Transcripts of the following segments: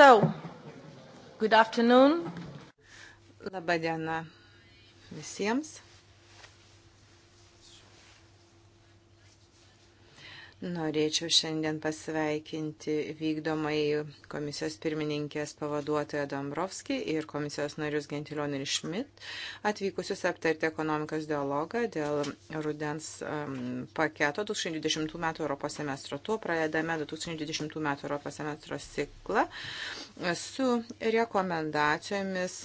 So, good afternoon. Labadiena visiems. Norėčiau šiandien pasveikinti vykdomai komisijos pirmininkės pavaduotoją Dombrovskį ir komisijos narius Gentilionį ir Šmit atvykusius aptarti ekonomikos dialogą dėl rudens um, paketo 2020 m. Europos semestro. Tuo pradedame 2020 m. Europos semestro ciklą su rekomendacijomis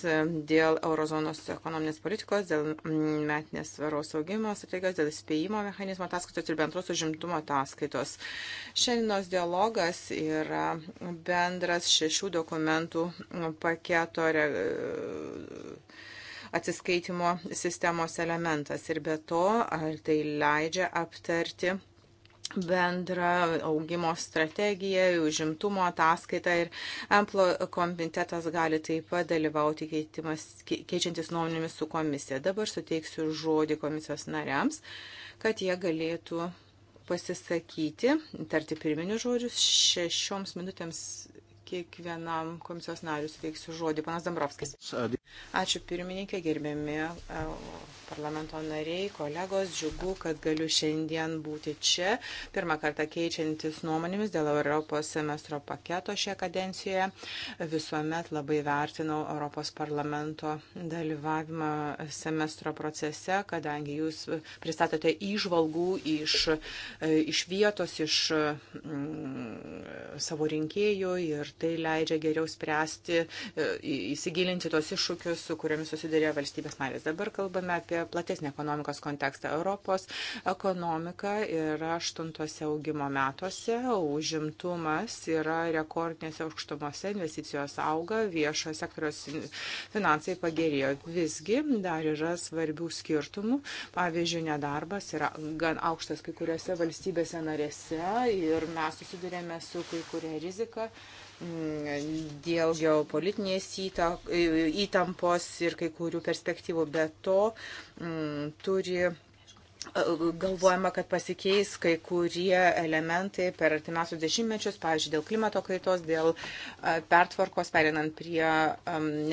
dėl eurozonos ekonominės politikos, dėl mm, metinės svaros augimo strategijos, dėl spėjimo mechanizmo ataskaitos ir bendros užimtumo ataskaitos ataskaitos. Šiandienos dialogas yra bendras šešių dokumentų paketo re atsiskaitimo sistemos elementas ir be to, ar tai leidžia aptarti bendrą augimo strategiją, užimtumo ataskaitą ir Amplo komitetas gali taip pat dalyvauti keičiantis nuomonėmis su komisija. Dabar suteiksiu žodį komisijos nariams, kad jie galėtų pasisakyti, tarti pirminius žodžius šešioms minutėms kiekvienam komisijos nariui suteiksiu žodį. Panas Dambrovskis. Ačiū pirmininkė, gerbiami e, parlamento nariai, kolegos. Džiugu, kad galiu šiandien būti čia. Pirmą kartą keičiantis nuomonėmis dėl Europos semestro paketo šioje kadencijoje. Visuomet labai vertinau Europos parlamento dalyvavimą semestro procese, kadangi jūs pristatote įžvalgų iš, e, iš vietos, iš m, savo rinkėjų ir tai leidžia geriau spręsti, e, įsigilinti tos iššūkius, su kuriomis susidarė valstybės narės. Dabar kalbame apie platesnį ekonomikos kontekstą. Europos ekonomika yra aštuntuose augimo metuose, užimtumas yra rekordinėse aukštumose, investicijos auga, viešo sektoriaus finansai pagerėjo. Visgi dar yra svarbių skirtumų. Pavyzdžiui, nedarbas yra gan aukštas kai kuriuose valstybėse narėse ir mes susidurėme su kai kuria rizika Mm, dėl geopolitinės įtampos ir kai kurių perspektyvų, bet to mm, turi e, Galvojama, kad pasikeis kai kurie elementai per artimiausius dešimtmečius, pavyzdžiui, dėl klimato kaitos, dėl e, pertvarkos, perinant prie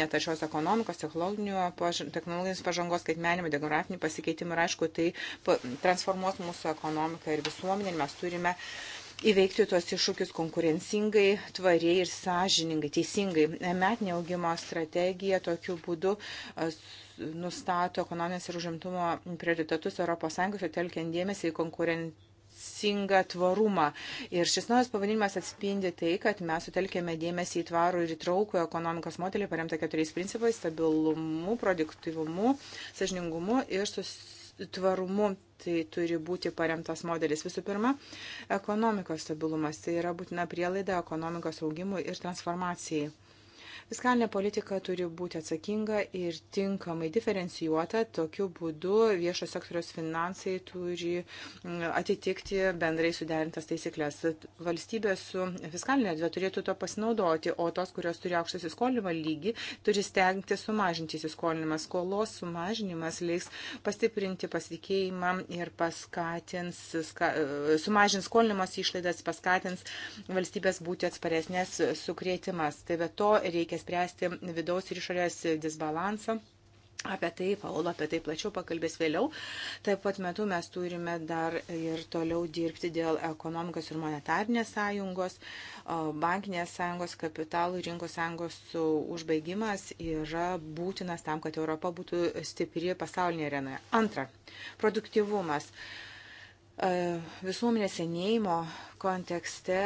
netašios ekonomikos, technologinės pažangos, skaitmenimo, demografinių pasikeitimų ir aišku, tai transformuos mūsų ekonomiką ir visuomenę ir mes turime uh, įveikti tuos iššūkius konkurencingai, tvariai ir sąžiningai, teisingai. Metinė augimo strategija tokiu būdu nustato ekonominės ir užimtumo prioritetus ES, telkiant dėmesį į konkurenciją ambicingą tvarumą. Ir šis naujas pavadinimas atspindi tai, kad mes sutelkėme dėmesį į tvarų ir įtraukų ekonomikos modelį paremtą keturiais principais - stabilumu, produktivumu, sažiningumu ir susitikimui tvarumu tai turi būti paremtas modelis. Visų pirma, ekonomikos stabilumas tai yra būtina prielaida ekonomikos augimui ir transformacijai. Fiskalinė politika turi būti atsakinga ir tinkamai diferencijuota. Tokiu būdu viešo sektoriaus finansai turi mm, atitikti bendrai suderintas taisyklės. Valstybės su fiskalinė erdvė turėtų to pasinaudoti, o tos, kurios turi aukštą įsiskolinimą lygį, turi stengti sumažinti įsiskolinimą. Skolos sumažinimas leiks pastiprinti pasitikėjimą ir paskatins, ska, sumažins skolinimos išlaidas, paskatins valstybės būti atsparesnės sukrėtimas. Tai be to reikia reikia spręsti vidaus ir išorės disbalansą. Apie tai, Paula apie tai plačiau pakalbės vėliau. Taip pat metu mes turime dar ir toliau dirbti dėl ekonomikos ir monetarnės sąjungos, bankinės sąjungos, kapitalų rinkos sąjungos užbaigimas yra būtinas tam, kad Europa būtų stipri pasaulinėje arenoje. Antra, produktivumas. E, visuomenės senėjimo kontekste,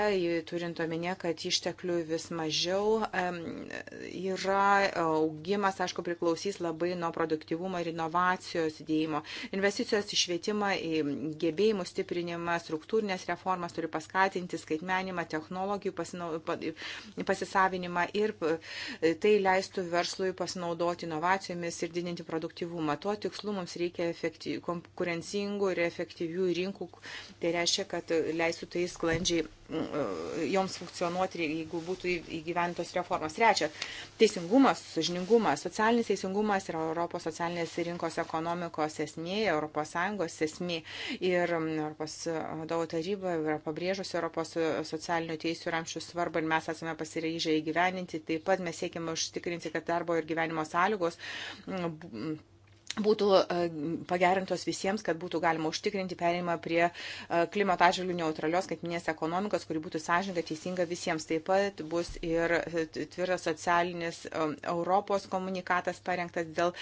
turint omenyje, kad išteklių vis mažiau yra, augimas, aišku, priklausys labai nuo produktivumo ir inovacijos dėjimo. Investicijos į švietimą, į gebėjimų stiprinimą, struktūrinės reformas turi paskatinti skaitmenimą, technologijų pasinau, pasisavinimą ir e, tai leistų verslui pasinaudoti inovacijomis ir didinti produktivumą. Tuo tikslu mums reikia konkurencingų ir efektyvių rinkų. Tai reiškia, kad leistų tai skaitmenimą sklandžiai mm, e, joms funkcionuoti, jeigu būtų įgyventos reformos. Trečia, teisingumas, sužiningumas, socialinis teisingumas yra Europos socialinės rinkos ekonomikos esmė, ES esmė. Ir mm, Europos vadovų taryba yra pabrėžusi Europos socialinių teisų ramščių svarbą ir mes esame pasireižę įgyveninti. Taip pat mes siekime užtikrinti, kad darbo ir gyvenimo sąlygos mm, būtų e, pagerintos visiems, kad būtų galima užtikrinti perėjimą prie e, klimato atžvilgių neutralios skaitminės ekonomikos, kuri būtų sąžininga, teisinga visiems. Taip pat bus ir e, tvirtas socialinis Europos komunikatas parengtas dėl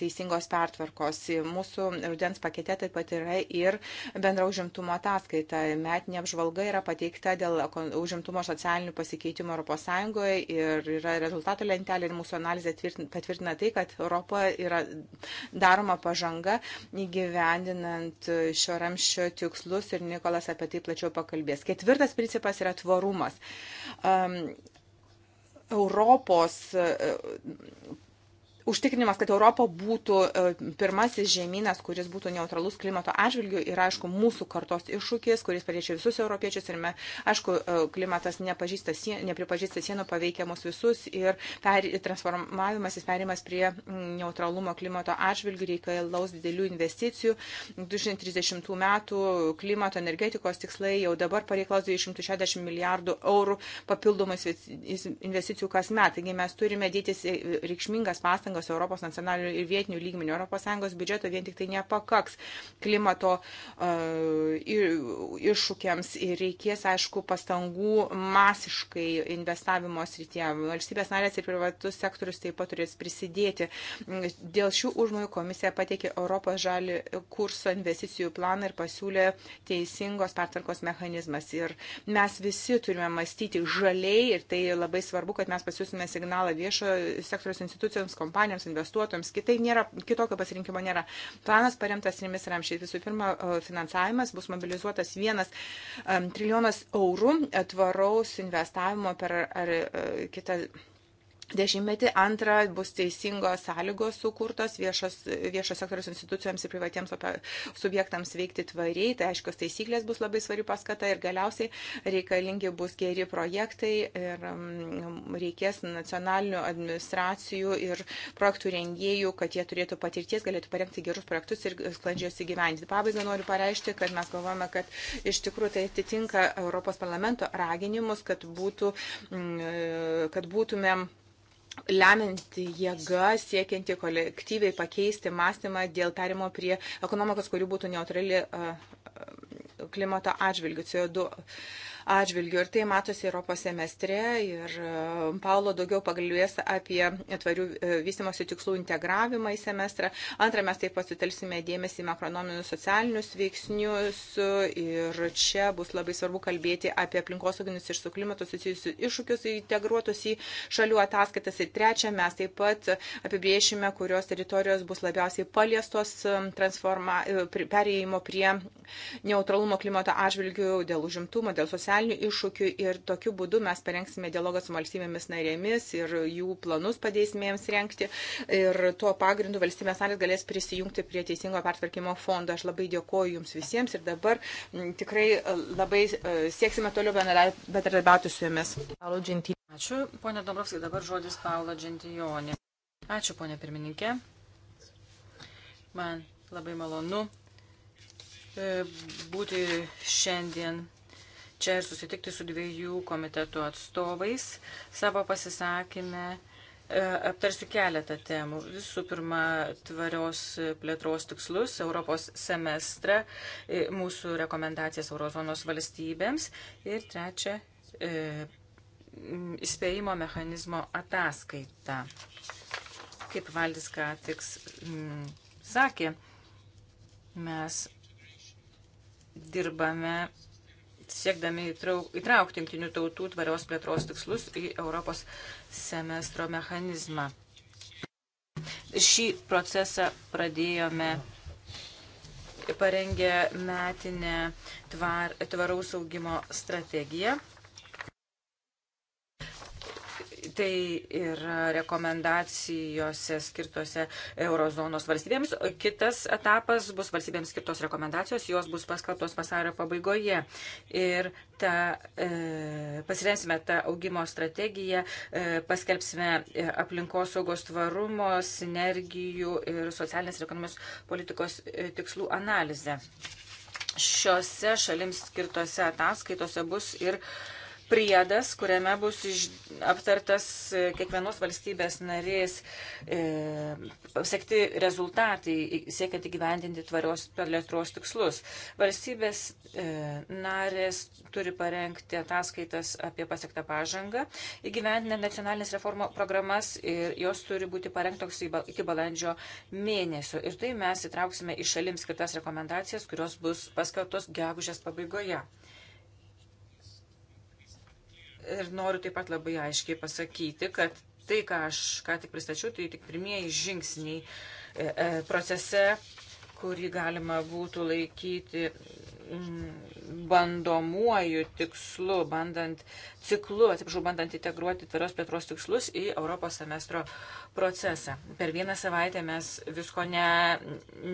teisingos pertvarkos. Mūsų rudens pakete taip pat yra ir bendra užimtumo ataskaita. Metinė apžvalga yra pateikta dėl užimtumo socialinių pasikeitimų ES ir yra rezultatų lentelė ir mūsų analizė patvirtina tai, kad Europa yra daroma pažanga įgyvendinant šio ramščio tikslus ir Nikolas apie tai plačiau pakalbės. Ketvirtas principas yra tvarumas. Um, Europos užtikrinimas, kad Europa būtų e, pirmasis žemynas, kuris būtų neutralus klimato atžvilgių, yra, aišku, mūsų kartos iššūkis, kuris paliečia visus europiečius ir, me, aišku, e, klimatas sien, nepripažįsta sienų, paveikia mus visus ir per, transformavimas, įsperimas prie neutralumo klimato atžvilgių reikalaus didelių investicijų. 2030 metų klimato energetikos tikslai jau dabar pareikalaus 260 milijardų eurų papildomų investicijų kasmet. Taigi mes turime dėtis e, reikšmingas pastangas ES, Europos nacionalinių ir vietinių lygmenių. ES biudžeto vien tik tai nepakaks klimato uh, iššūkiams ir reikės, aišku, pastangų masiškai investavimo srityje. Valstybės narės ir privatus sektorius taip pat turės prisidėti. Dėl šių užmojų komisija pateikė Europos žalį kurso investicijų planą ir pasiūlė teisingos pertvarkos mechanizmas. Ir mes visi turime mąstyti žaliai ir tai labai svarbu, kad mes pasiūsime signalą viešo sektoriaus institucijoms, kompanijoms kompanijams, investuotojams. Kitai nėra, kitokio pasirinkimo nėra. Planas paremtas trimis ramšiais. Visų pirma, finansavimas bus mobilizuotas vienas um, trilijonas eurų tvaraus investavimo per ar, ar, e, kitą dešimtmetį. Antra, bus teisingos sąlygos sukurtos viešos, viešos sektoriaus institucijoms ir privatiems subjektams veikti tvariai. Tai aiškios taisyklės bus labai svari paskata ir galiausiai reikalingi bus geri projektai ir mm, reikės nacionalinių administracijų ir projektų rengėjų, kad jie turėtų patirties, galėtų parengti gerus projektus ir sklandžiai juos įgyvendinti. Pabaigą noriu pareišti, kad mes galvojame, kad iš tikrųjų tai atitinka Europos parlamento raginimus, kad, būtų, mm, kad būtumėm lemianti jėga siekianti kolektyviai pakeisti mąstymą dėl perimo prie ekonomikos, kuri būtų neutrali klimato atžvilgių CO2 atžvilgių. Ir tai matosi Europos semestre. Ir e, Paulo daugiau pagalbės apie tvarių e, vystimosi tikslų integravimą į semestrą. Antra, mes taip pat sutelsime dėmesį į makronominius socialinius veiksnius. Ir čia bus labai svarbu kalbėti apie aplinkosauginius ir su klimatu susijusius iššūkius integruotus į šalių ataskaitas. Ir trečia, mes taip pat apibriešime, kurios teritorijos bus labiausiai paliestos e, perėjimo prie neutralumo klimato atžvilgių dėl užimtumo, dėl socialinių nacionalinių iššūkių ir tokiu būdu mes parengsime dialogą su valstybėmis narėmis ir jų planus padėsime jiems renkti ir tuo pagrindu valstybės narės galės prisijungti prie teisingo pertvarkymo fondo. Aš labai dėkoju Jums visiems ir dabar mm, tikrai e, labai e, sieksime toliau bendradarbiauti su Jumis. Ačiū, ponė Dombrovskai, dabar žodis Paula Džentijonė. Ačiū, ponė pirmininkė. Man labai malonu e, būti šiandien čia ir susitikti su dviejų komitetų atstovais. Savo pasisakymę e, aptarsiu keletą temų. Visų pirma, tvarios plėtros tikslus, Europos semestrą, e, mūsų rekomendacijas Eurozonos valstybėms ir trečia, e, įspėjimo mechanizmo ataskaita. Kaip Valdis ką tik sakė, mes dirbame siekdami įtraukti jungtinių tautų tvarios plėtros tikslus į Europos semestro mechanizmą. Šį procesą pradėjome parengę metinę tvar, tvaraus augimo strategiją Tai yra rekomendacijose skirtose eurozonos valstybėms. Kitas etapas bus valstybėms skirtos rekomendacijos, jos bus paskalbtos vasario pabaigoje. Ir ta, e, pasirensime tą augimo strategiją, e, paskelbsime e, aplinkosaugos tvarumo, sinergijų ir socialinės ir ekonomijos politikos e, tikslų analizę. Šiuose šalims skirtose ataskaitose bus ir e, priedas, kuriame bus iš, aptartas e, kiekvienos valstybės narės e, sekti rezultatai, siekiant įgyvendinti tvarios plėtros tikslus. Valstybės e, narės turi parengti ataskaitas apie pasiektą pažangą, įgyvendinę nacionalinės reformų programas ir jos turi būti parengtos iki balandžio mėnesio. Ir tai mes įtrauksime į šalims skirtas rekomendacijas, kurios bus paskelbtos gegužės pabaigoje. Ir noriu taip pat labai aiškiai pasakyti, kad tai, ką aš ką tik pristačiau, tai tik pirmieji žingsniai e, e, procese, kurį galima būtų laikyti mm, bandomuoju tikslu, bandant ciklu, atsiprašau, bandant integruoti tvarios plėtros tikslus į Europos semestro procesą. Per vieną savaitę mes visko ne,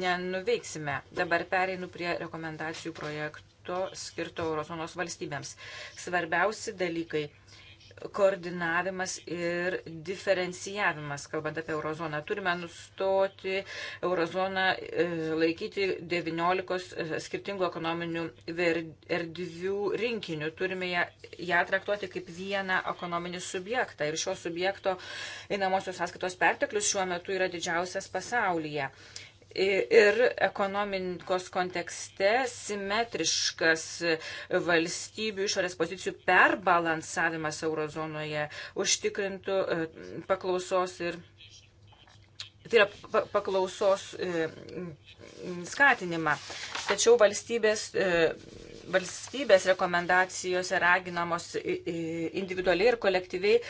nenuveiksime. Dabar pereinu prie rekomendacijų projektų biudžeto skirto eurozonos valstybėms. Svarbiausi dalykai - koordinavimas ir diferencijavimas, kalbant apie eurozoną. Turime nustoti eurozoną e, laikyti 19 e, skirtingų ekonominių erdvių rinkinių. Turime ją, ją traktuoti kaip vieną ekonominį subjektą. Ir šio subjekto einamosios sąskaitos perteklius šiuo metu yra didžiausias pasaulyje ir ekonomikos kontekste simetriškas valstybių išorės pozicijų perbalansavimas eurozonoje užtikrintų e, paklausos ir. Tai yra paklausos e, skatinimą. Tačiau valstybės e, valstybės rekomendacijose raginamos individualiai ir kolektyviai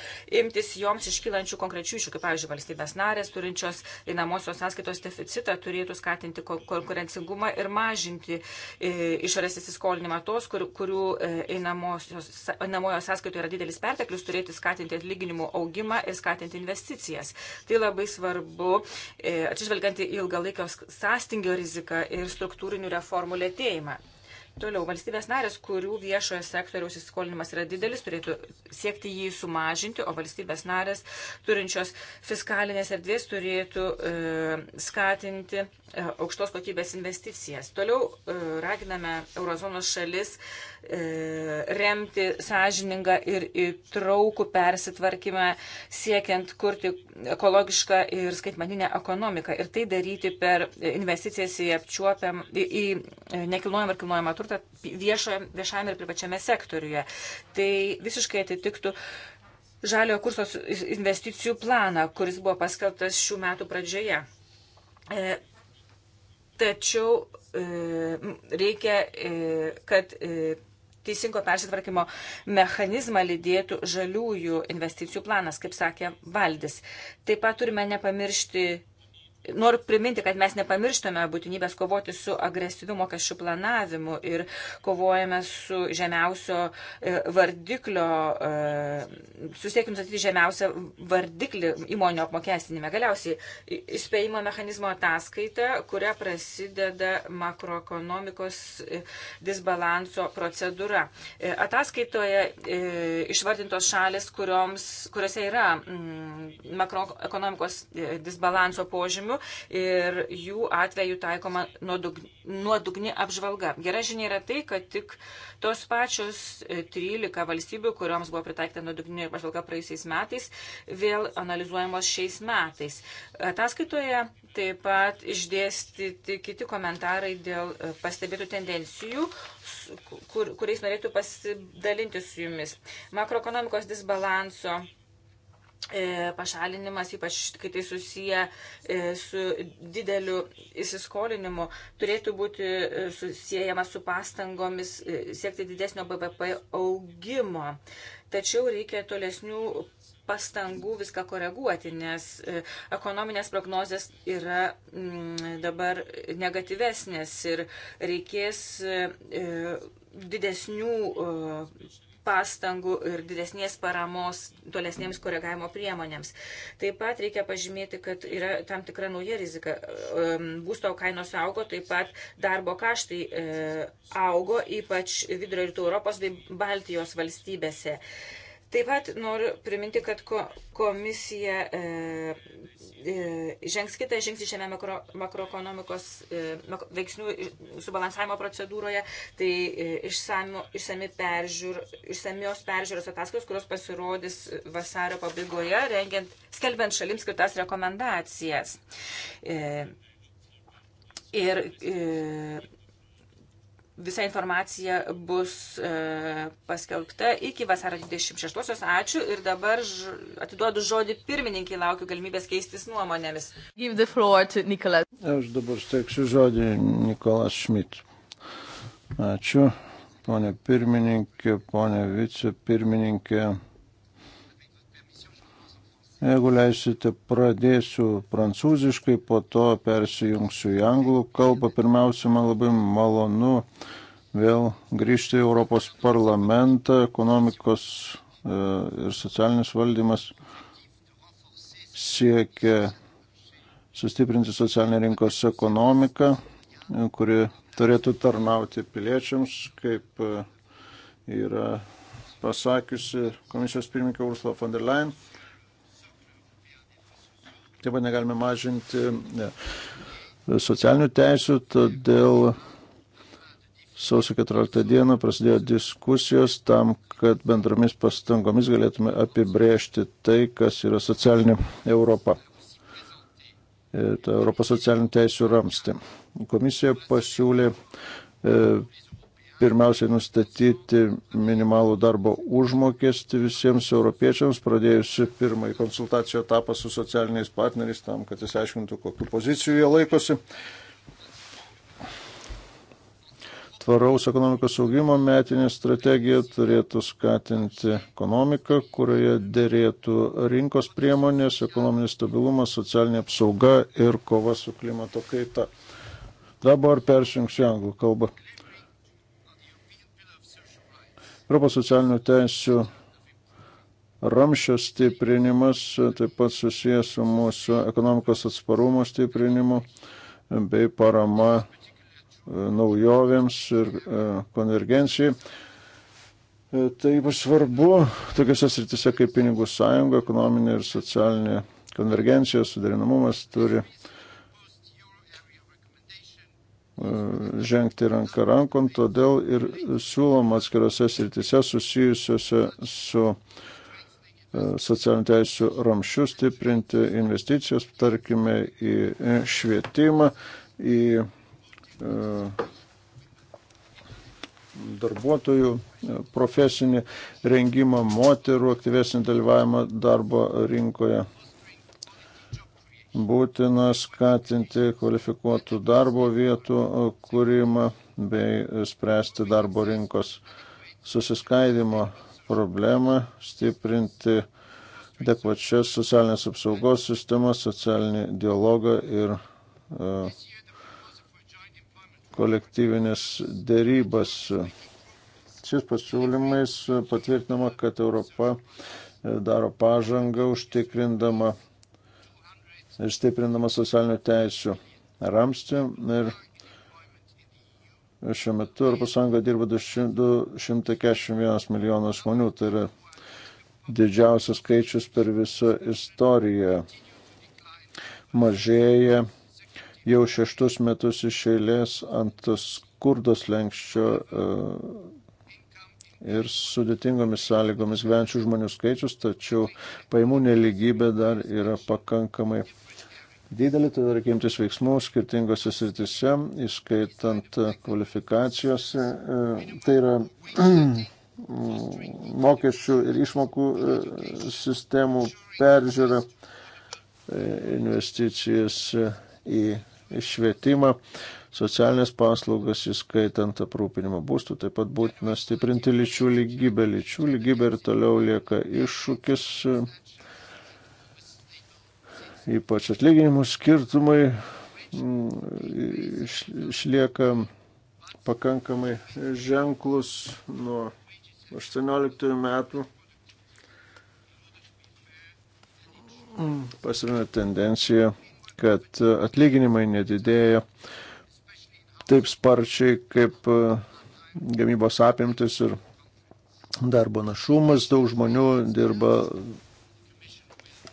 imtis joms iškylančių konkrečių iššūkių. Pavyzdžiui, valstybės narės turinčios einamosios sąskaitos deficitą turėtų skatinti konkurencingumą ir mažinti išorės įsiskolinimą tos, kur, kurių e, einamojo sąskaitoje yra didelis perteklius, turėtų skatinti atlyginimų augimą ir skatinti investicijas. Tai labai svarbu, e, atsižvelgiant į ilgalaikio sąstingio riziką ir struktūrinių reformų lėtėjimą. Toliau, valstybės narės, kurių viešojo sektoriaus įsiskolinimas yra didelis, turėtų siekti jį sumažinti, o valstybės narės turinčios fiskalinės erdvės turėtų e, skatinti e, aukštos kokybės investicijas. Toliau e, raginame eurozonos šalis e, E, remti sąžiningą ir įtraukų persitvarkymą, siekiant kurti ekologišką ir skaitmaninę ekonomiką. Ir tai daryti per investicijas į apčiuopiam, į, į nekilnojamą ir kilnojamą turtą viešajame ir privačiame sektoriuje. Tai visiškai atitiktų žaliojo kurso investicijų planą, kuris buvo paskelbtas šių metų pradžioje. E, tačiau e, reikia, e, kad e, teisingo persitvarkymo mechanizmą lydėtų žaliųjų investicijų planas, kaip sakė Valdis. Taip pat turime nepamiršti Noriu priminti, kad mes nepamirštame būtinybės kovoti su agresyviu mokesčių planavimu ir kovojame su žemiausio e, vardiklio, e, susiekim statyti žemiausią vardiklį įmonių apmokestinime. Galiausiai įspėjimo mechanizmo ataskaita, kuria prasideda makroekonomikos e, disbalanso procedūra. Ataskaitoje išvardintos šalis, kurioms, kuriuose yra mm, makroekonomikos disbalanso požymių, sukčiavimu ir jų atveju taikoma nuodugni apžvalga. Gera žinia yra tai, kad tik tos pačios 13 e, valstybių, kurioms buvo pritaikyta nuodugni apžvalga praėjusiais metais, vėl analizuojamos šiais metais. Ataskaitoje taip pat išdėstyti kiti komentarai dėl e, pastebėtų tendencijų, kur, kuriais norėtų pasidalinti su jumis. Makroekonomikos disbalanso E, pašalinimas, ypač kai tai susiję e, su dideliu įsiskolinimu, turėtų būti e, susijęjamas su pastangomis siekti didesnio BVP augimo. Tačiau reikia tolesnių pastangų viską koreguoti, nes ekonominės prognozijas yra mm, dabar negatyvesnės ir reikės didesnių pastangų ir didesnės paramos tolesnėms koregavimo priemonėms. Taip pat reikia pažymėti, kad yra tam tikra nauja rizika. Būsto kainos augo, taip pat darbo kaštai e, augo, ypač vidurio rytų Europos bei Baltijos valstybėse. Taip pat noriu priminti, kad ko, komisija e, e, žengs kitą žingsnį šiame makro, makroekonomikos e, makro, veiksnių subalansavimo procedūroje, tai e, išsamios išsami peržiūr, peržiūros ataskaitos, kurios pasirodys vasario pabaigoje, rengiant, skelbiant šalims skirtas rekomendacijas. E, ir, e, Visa informacija bus e, paskelbta iki vasaro 26-osios. Ačiū ir dabar ž, atiduodu žodį pirmininkai, laukiu galimybės keistis nuomonėmis. Aš dabar steiksiu žodį Nikolas Šmit. Ačiū, ponė pirmininkė, ponė vicepirmininkė. Jeigu leisite, pradėsiu prancūziškai, po to persijungsiu į anglų kalbą. Pirmiausia, man labai malonu vėl grįžti į Europos parlamentą. Ekonomikos e, ir socialinis valdymas siekia sustiprinti socialinę rinkos ekonomiką, kuri turėtų tarnauti piliečiams, kaip e, yra pasakiusi komisijos pirmininkė Ursula von der Leyen taip pat negalime mažinti socialinių teisų, todėl sausio 14 dieną prasidėjo diskusijos tam, kad bendromis pastangomis galėtume apibrėžti tai, kas yra socialinė Europa. Tai Europos socialinių teisų ramstė. Komisija pasiūlė e, pirmiausiai nustatyti minimalų darbo užmokestį visiems europiečiams, pradėjusi pirmąjį konsultacijų etapą su socialiniais partneriais tam, kad jis aiškintų, kokiu pozicijų jie laikosi. Tvaraus ekonomikos augimo metinė strategija turėtų skatinti ekonomiką, kurioje dėrėtų rinkos priemonės, ekonominis stabilumas, socialinė apsauga ir kova su klimato kaita. Dabar persijungsiu anglų kalbą. Europos socialinių teisų ramščio stiprinimas taip pat susijęs su mūsų ekonomikos atsparumo stiprinimu bei parama e, naujovėms ir e, konvergencijai. E, tai ypač svarbu tokiuose sritise kaip pinigų sąjunga, ekonominė ir socialinė konvergencija, suderinamumas turi žengti ranką rankom, todėl ir siūloma atskirose sritise susijusiuose su e, socialinių teisų ramščių stiprinti investicijas, tarkime, į švietimą, į e, darbuotojų e, profesinį rengimą, moterų aktyvesnį dalyvavimą darbo rinkoje būtina skatinti kvalifikuotų darbo vietų kūrimą bei spręsti darbo rinkos susiskaidimo problemą, stiprinti adekvačias socialinės apsaugos sistemas, socialinį dialogą ir e, kolektyvinės dėrybas. Šis pasiūlymais patvirtinama, kad Europa e, daro pažangą užtikrindama ir stiprinama socialinių teisų ramstį. Ir šiuo metu Europos Sąjunga dirba 241 milijonas žmonių, tai yra didžiausias skaičius per visą istoriją. Mažėja jau šeštus metus iš eilės ant skurdos lenkščio ir sudėtingomis sąlygomis gyvenčių žmonių skaičius, tačiau paimų neligybė dar yra pakankamai didelį, todėl reikia imtis veiksmų skirtingose sritise, įskaitant e, kvalifikacijos, e, tai yra mokesčių ir išmokų e, sistemų peržiūra, investicijas į švietimą socialinės paslaugas, įskaitant aprūpinimą būstų, taip pat būtina stiprinti lyčių lygybę. Lyčių lygybė ir toliau lieka iššūkis, ypač atlyginimų skirtumai mm, išlieka pakankamai ženklus nuo 18 metų. Mm, Pasirina tendencija, kad atlyginimai nedidėja taip sparčiai kaip e, gamybos apimtis ir darbo našumas. Daug žmonių dirba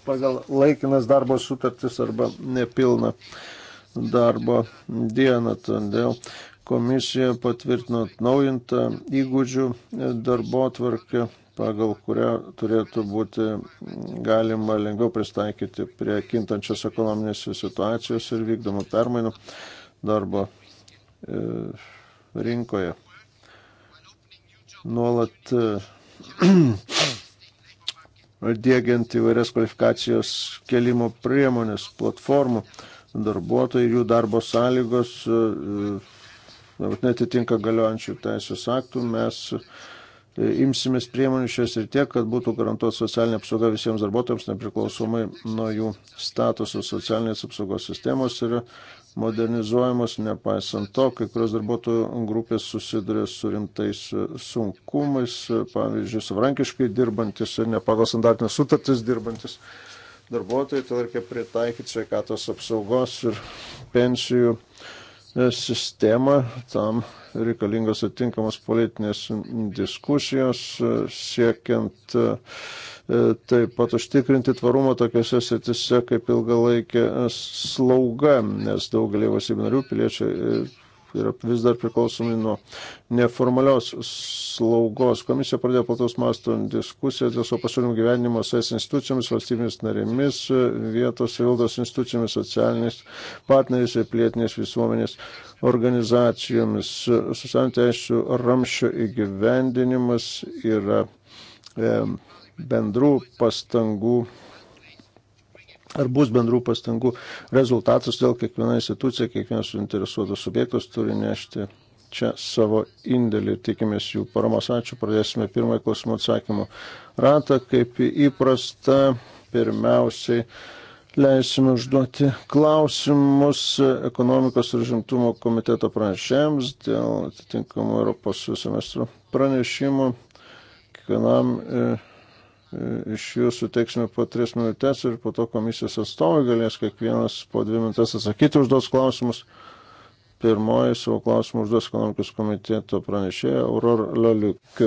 pagal laikinas darbo sutartis arba nepilną darbo dieną. Todėl komisija patvirtino atnaujintą įgūdžių darbo tvarkę, pagal kurią turėtų būti galima lengviau pristaikyti prie kintančios ekonominės situacijos ir vykdomų permainų darbo E, rinkoje. Nuolat e, dėgiant įvairias kvalifikacijos kelimo priemonės, platformų, darbuotojai, jų darbo sąlygos e, netitinka galiojančių teisės aktų, mes imsimės priemonių šios ir tiek, kad būtų garantuota socialinė apsauga visiems darbuotojams, nepriklausomai nuo jų statuso socialinės apsaugos sistemos yra modernizuojamos, nepaisant to, kai kurios darbuotojų grupės susiduria su rimtais sunkumais, pavyzdžiui, savrankiškai dirbantis ir ne pagal standartinės sutartis dirbantis darbuotojai, tai reikia pritaikyti sveikatos apsaugos ir pensijų e, sistemą, tam reikalingos atitinkamos politinės diskusijos e, siekiant e, E, taip pat užtikrinti tvarumą tokiuose sritise kaip ilgalaikė slauga, nes daugelį valstybių narių piliečių e, yra vis dar priklausomi nuo neformalios slaugos. Komisija pradėjo plataus masto diskusijas dėl savo pasiūlymų gyvenimo su es institucijomis, valstybėmis narėmis, vietos savivaldos institucijomis, socialiniais partneriais ir plėtinės visuomenės organizacijomis. Socialinių teisų ramščio įgyvendinimas yra. E, bendrų pastangų ar bus bendrų pastangų rezultatas, dėl kiekviena institucija, kiekvienas suinteresuotas subjektas turi nešti čia savo indėlį ir tikimės jų paramos. Ačiū, pradėsime pirmąjį klausimų atsakymų ratą. Kaip įprasta, pirmiausiai leisime užduoti klausimus ekonomikos ir žimtumo komiteto pranešėjams dėl atitinkamų Europos semestro pranešimų. Kiekvienam e, iš jų suteiksime po tris minutės ir po to komisijos atstovai galės kiekvienas po dvi minutės atsakyti užduos klausimus. Pirmoji savo klausimą užduos ekonomikos komiteto pranešėja Auror Laliuk.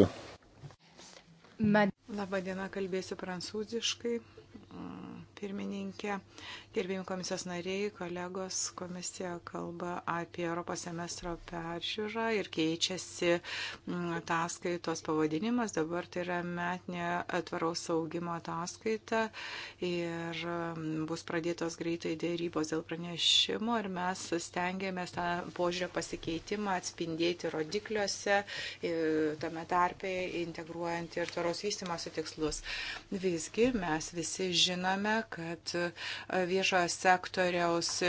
Labadiena, kalbėsiu prancūziškai, mm, pirmininkė. Gerbėjim komisijos nariai, kolegos, komisija kalba apie Europos semestro peržiūrą ir keičiasi mm, ataskaitos pavadinimas. Dabar tai yra metinė tvaraus saugimo ataskaita ir mm, bus pradėtos greitai dėrybos dėl pranešimo ir mes stengiamės tą požiūrę pasikeitimą atspindėti rodikliuose, tame tarpe integruojant ir tvaraus vystimosi tikslus. Visgi mes visi žinome, kad e, vien viešojo sektoriaus e,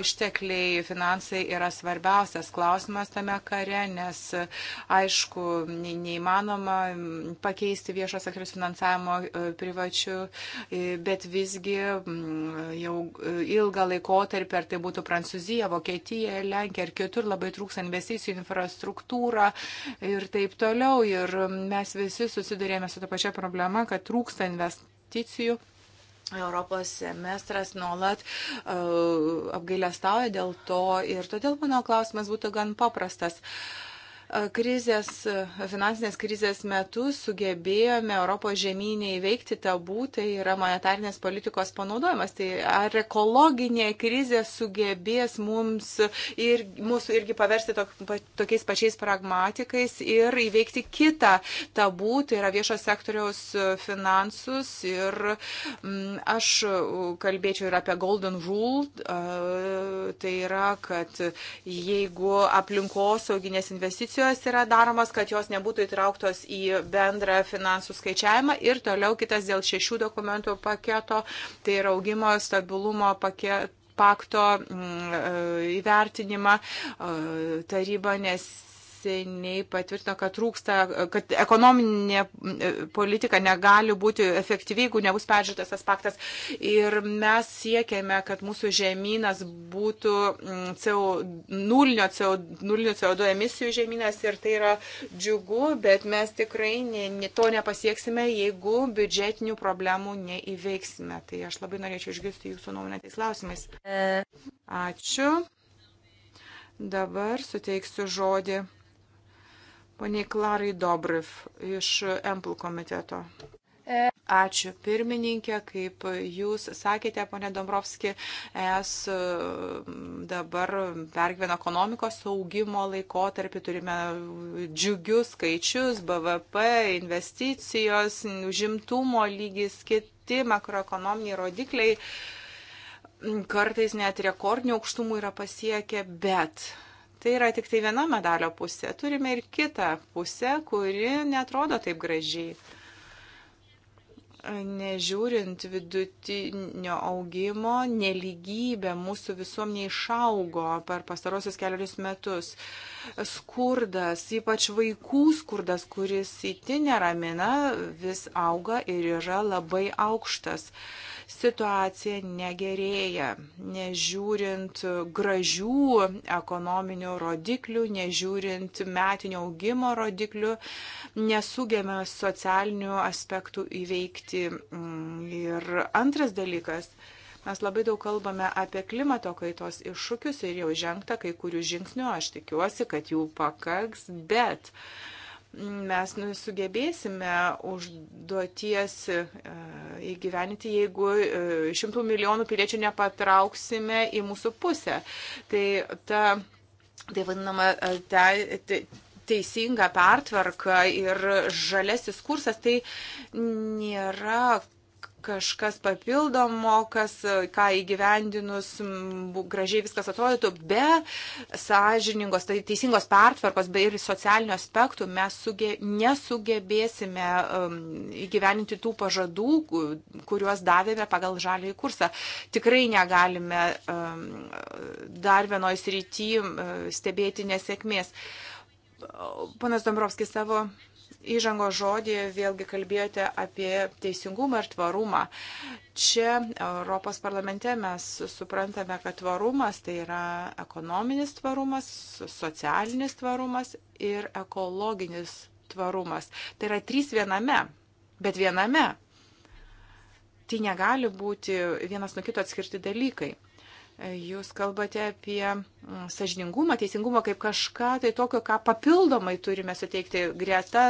ištekliai, finansai yra svarbiausias klausimas tame kare, nes e, aišku, neįmanoma pakeisti viešojo sektoriaus finansavimo e, privačių, bet visgi jau ilgą laikotarpį, ar tai būtų Prancūzija, Vokietija, Lenkija ar kitur, labai trūks investicijų infrastruktūrą ir taip toliau. Ir mes visi susidurėme su ta pačia problema, kad trūksta investicijų investicijų Europos semestras nuolat e, apgailestauja dėl to ir todėl mano klausimas būtų gan paprastas. Uh, krizės, finansinės krizės metu sugebėjome Europos žemynė įveikti tabų, tai yra monetarnės politikos panaudojimas. Tai ar ekologinė krizė sugebės mums ir mūsų irgi paversti tok, tokiais pačiais pragmatikais ir įveikti kitą tabų, tai yra viešo sektoriaus finansus. Ir m, mm, aš kalbėčiau ir apie Golden Rule, tai yra, kad jeigu aplinkosauginės investicijos korekcijos yra daromos, kad jos nebūtų įtrauktos į bendrą finansų skaičiavimą. Ir toliau kitas dėl šešių dokumentų paketo, tai yra augimo stabilumo paketo pakto mm, e, įvertinimą e, taryba nes neseniai patvirtino, kad trūksta, kad ekonominė e, politika negali būti efektyvi, jeigu nebus peržiūrėtas tas paktas. Ir mes siekiame, kad mūsų žemynas būtų mm, CO, nulinio, CO, nulinio CO2 emisijų žemynas ir tai yra džiugu, bet mes tikrai ne, ne, to nepasieksime, jeigu biudžetinių problemų neįveiksime. Tai aš labai norėčiau išgirsti jūsų nuomonę tais klausimais. E. Ačiū. Dabar suteiksiu žodį Poniai Klarai Dobriv iš Empl komiteto. E. Ačiū pirmininkė, kaip jūs sakėte, ponė Dombrovski, es e, dabar pergyvena ekonomikos augimo laikotarpį, turime džiugius skaičius, BVP, investicijos, žimtumo lygis, kiti makroekonominiai rodikliai kartais net rekordinių aukštumų yra pasiekę, bet Tai yra tik tai viena medalio pusė. Turime ir kitą pusę, kuri netrodo taip gražiai. Nežiūrint vidutinio augimo, neligybė mūsų visuomenė išaugo per pastarosius keliarius metus. Skurdas, ypač vaikų skurdas, kuris įti neramina, vis auga ir yra labai aukštas. Uh, situacija negerėja, nežiūrint gražių ekonominių rodiklių, nežiūrint metinio augimo rodiklių, nesugebėme socialinių aspektų įveikti. Mm, ir antras dalykas. Mes labai daug kalbame apie klimato kaitos iššūkius ir jau žengta kai kurių žingsnių, aš tikiuosi, kad jų pakaks, bet uh, mes nu, sugebėsime užduoties e, įgyveninti, jeigu e, šimtų milijonų piliečių nepatrauksime į mūsų pusę. Tai ta, tai vadinama, ta, e, ta, teisinga pertvarka ir žalesis kursas, tai nėra kažkas papildomo, kas, e, ką įgyvendinus gražiai viskas atrodytų, be sąžiningos, tai teisingos pertvarkos, be ir socialinių aspektų mes suge, nesugebėsime um, įgyvendinti tų pažadų, kuriuos davėme pagal žalį kursą. Tikrai negalime um, dar vienoje srityje stebėti nesėkmės. Panas Dombrovskis savo įžango žodį vėlgi kalbėjote apie teisingumą ir tvarumą. Čia Europos parlamente mes suprantame, kad tvarumas tai yra ekonominis tvarumas, socialinis tvarumas ir ekologinis tvarumas. Tai yra trys viename, bet viename. Tai negali būti vienas nuo kito atskirti dalykai. Jūs kalbate apie mm, sažiningumą, teisingumą kaip kažką, tai tokio, ką papildomai turime suteikti greta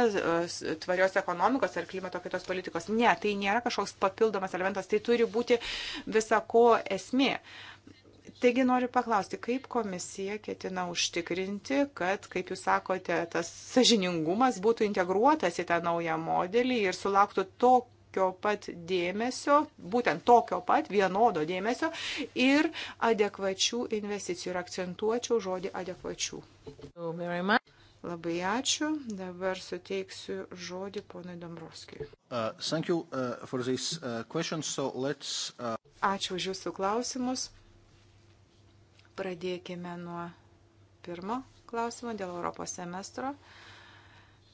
tvarios ekonomikos ar klimato kaitos politikos. Ne, tai nėra kažkoks papildomas elementas, tai turi būti visako esmė. Taigi noriu paklausti, kaip komisija ketina užtikrinti, kad, kaip jūs sakote, tas sažiningumas būtų integruotas į tą naują modelį ir sulauktų to tokio pat dėmesio, būtent tokio pat vienodo dėmesio ir adekvačių investicijų. Ir akcentuočiau žodį adekvačių. Labai ačiū. Dabar suteiksiu žodį ponui Dombrovskijui. Uh, you, uh, this, uh, so uh... Ačiū už Jūsų klausimus. Pradėkime nuo pirmo klausimo dėl Europos semestro.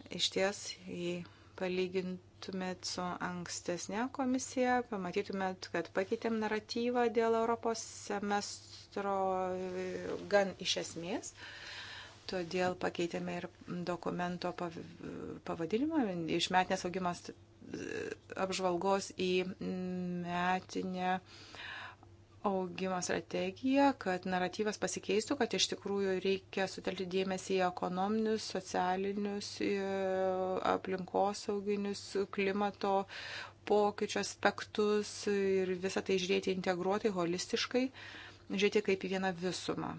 Iš ties, jei palyginti lygintumėt su ankstesnė komisija, pamatytumėt, kad pakeitėm naratyvą dėl Europos semestro gan iš esmės. Todėl pakeitėme ir dokumento pavadinimą iš metinės augimas e, apžvalgos į metinę augimo strategiją, kad naratyvas pasikeistų, kad iš tikrųjų reikia sutelkti dėmesį į ekonominius, socialinius, e, aplinkosauginius, klimato pokyčio aspektus ir visą tai žiūrėti integruotai, holistiškai, žiūrėti kaip į vieną visumą.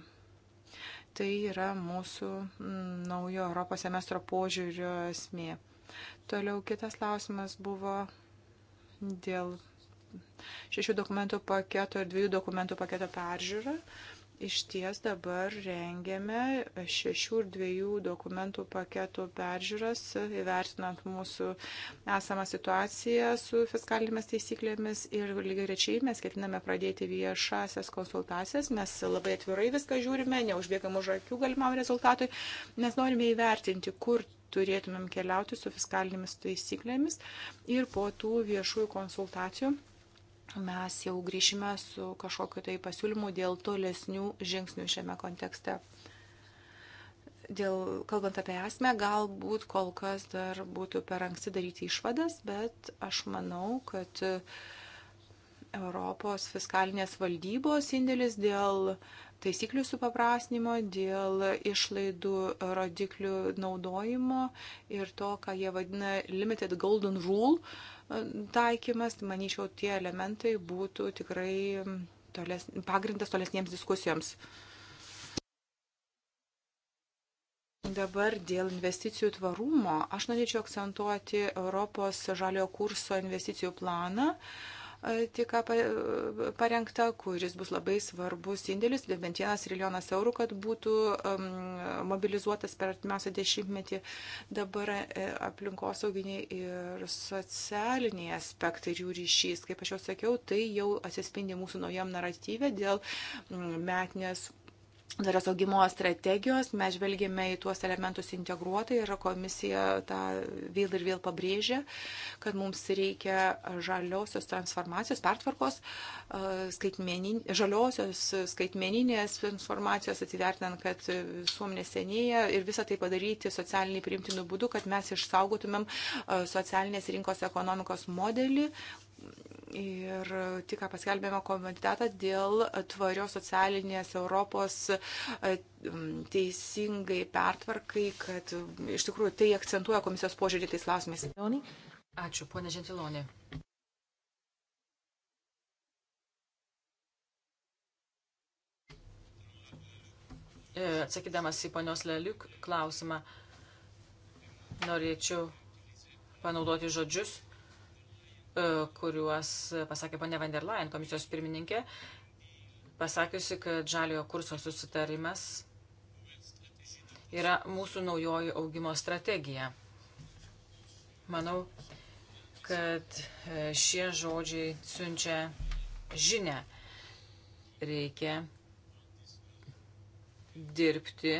Tai yra mūsų naujo Europos semestro požiūrio esmė. Toliau kitas klausimas buvo dėl šešių dokumentų paketo ir dviejų dokumentų paketo peržiūrą. Iš ties dabar rengiame šešių ir dviejų dokumentų paketų peržiūras, įvertinant mūsų esamą situaciją su fiskalinėmis taisyklėmis ir lygiai rečiai mes ketiname pradėti viešasias konsultacijas, mes labai atvirai viską žiūrime, neužbėgam už akių galimam rezultatui, mes norime įvertinti, kur turėtumėm keliauti su fiskalinėmis taisyklėmis ir po tų viešųjų konsultacijų mes jau grįšime su kažkokiu tai pasiūlymu dėl tolesnių žingsnių šiame kontekste. Dėl, kalbant apie esmę, galbūt kol kas dar būtų per anksti daryti išvadas, bet aš manau, kad Europos fiskalinės valdybos indėlis dėl taisyklių supaprasnimo, dėl išlaidų rodiklių naudojimo ir to, ką jie vadina limited golden rule, uh, taikymas, tai manyčiau, tie elementai būtų tikrai mm, toles, pagrindas tolesniems diskusijoms. Dabar dėl investicijų tvarumo aš norėčiau akcentuoti Europos žaliojo kurso investicijų planą. Uh, tik parengta, kuris bus labai svarbus indėlis, bent vienas trilijonas eurų, kad būtų mobilizuotas per artimiausią dešimtmetį dabar e, aplinkosauginiai ir socialiniai aspektai ir jų ryšys. Kaip aš jau sakiau, tai jau atsispindi mūsų naujam naratyvė dėl metinės tvarios augimo strategijos, mes žvelgėme į tuos elementus integruotai ir komisija tą vėl ir vėl pabrėžė, kad mums reikia žaliosios transformacijos, pertvarkos, skaitmenin, žaliosios skaitmeninės transformacijos, atsivertinant, kad visuomenė senėja ir visą tai padaryti socialiniai priimtinų būdų, kad mes išsaugotumėm socialinės rinkos ekonomikos modelį, Ir tik ką paskelbėme komitetą dėl tvarios socialinės Europos e, teisingai pertvarkai, kad iš tikrųjų tai akcentuoja komisijos požiūrį tais klausimais. Ačiū, ponė Žentilonė. E, atsakydamas į ponios Leliuk klausimą, norėčiau panaudoti žodžius E, kuriuos e, pasakė ponė van der Leyen, komisijos pirmininkė, pasakiusi, kad žaliojo kurso susitarimas yra mūsų naujoji augimo strategija. Manau, kad e, šie žodžiai siunčia žinę. Reikia dirbti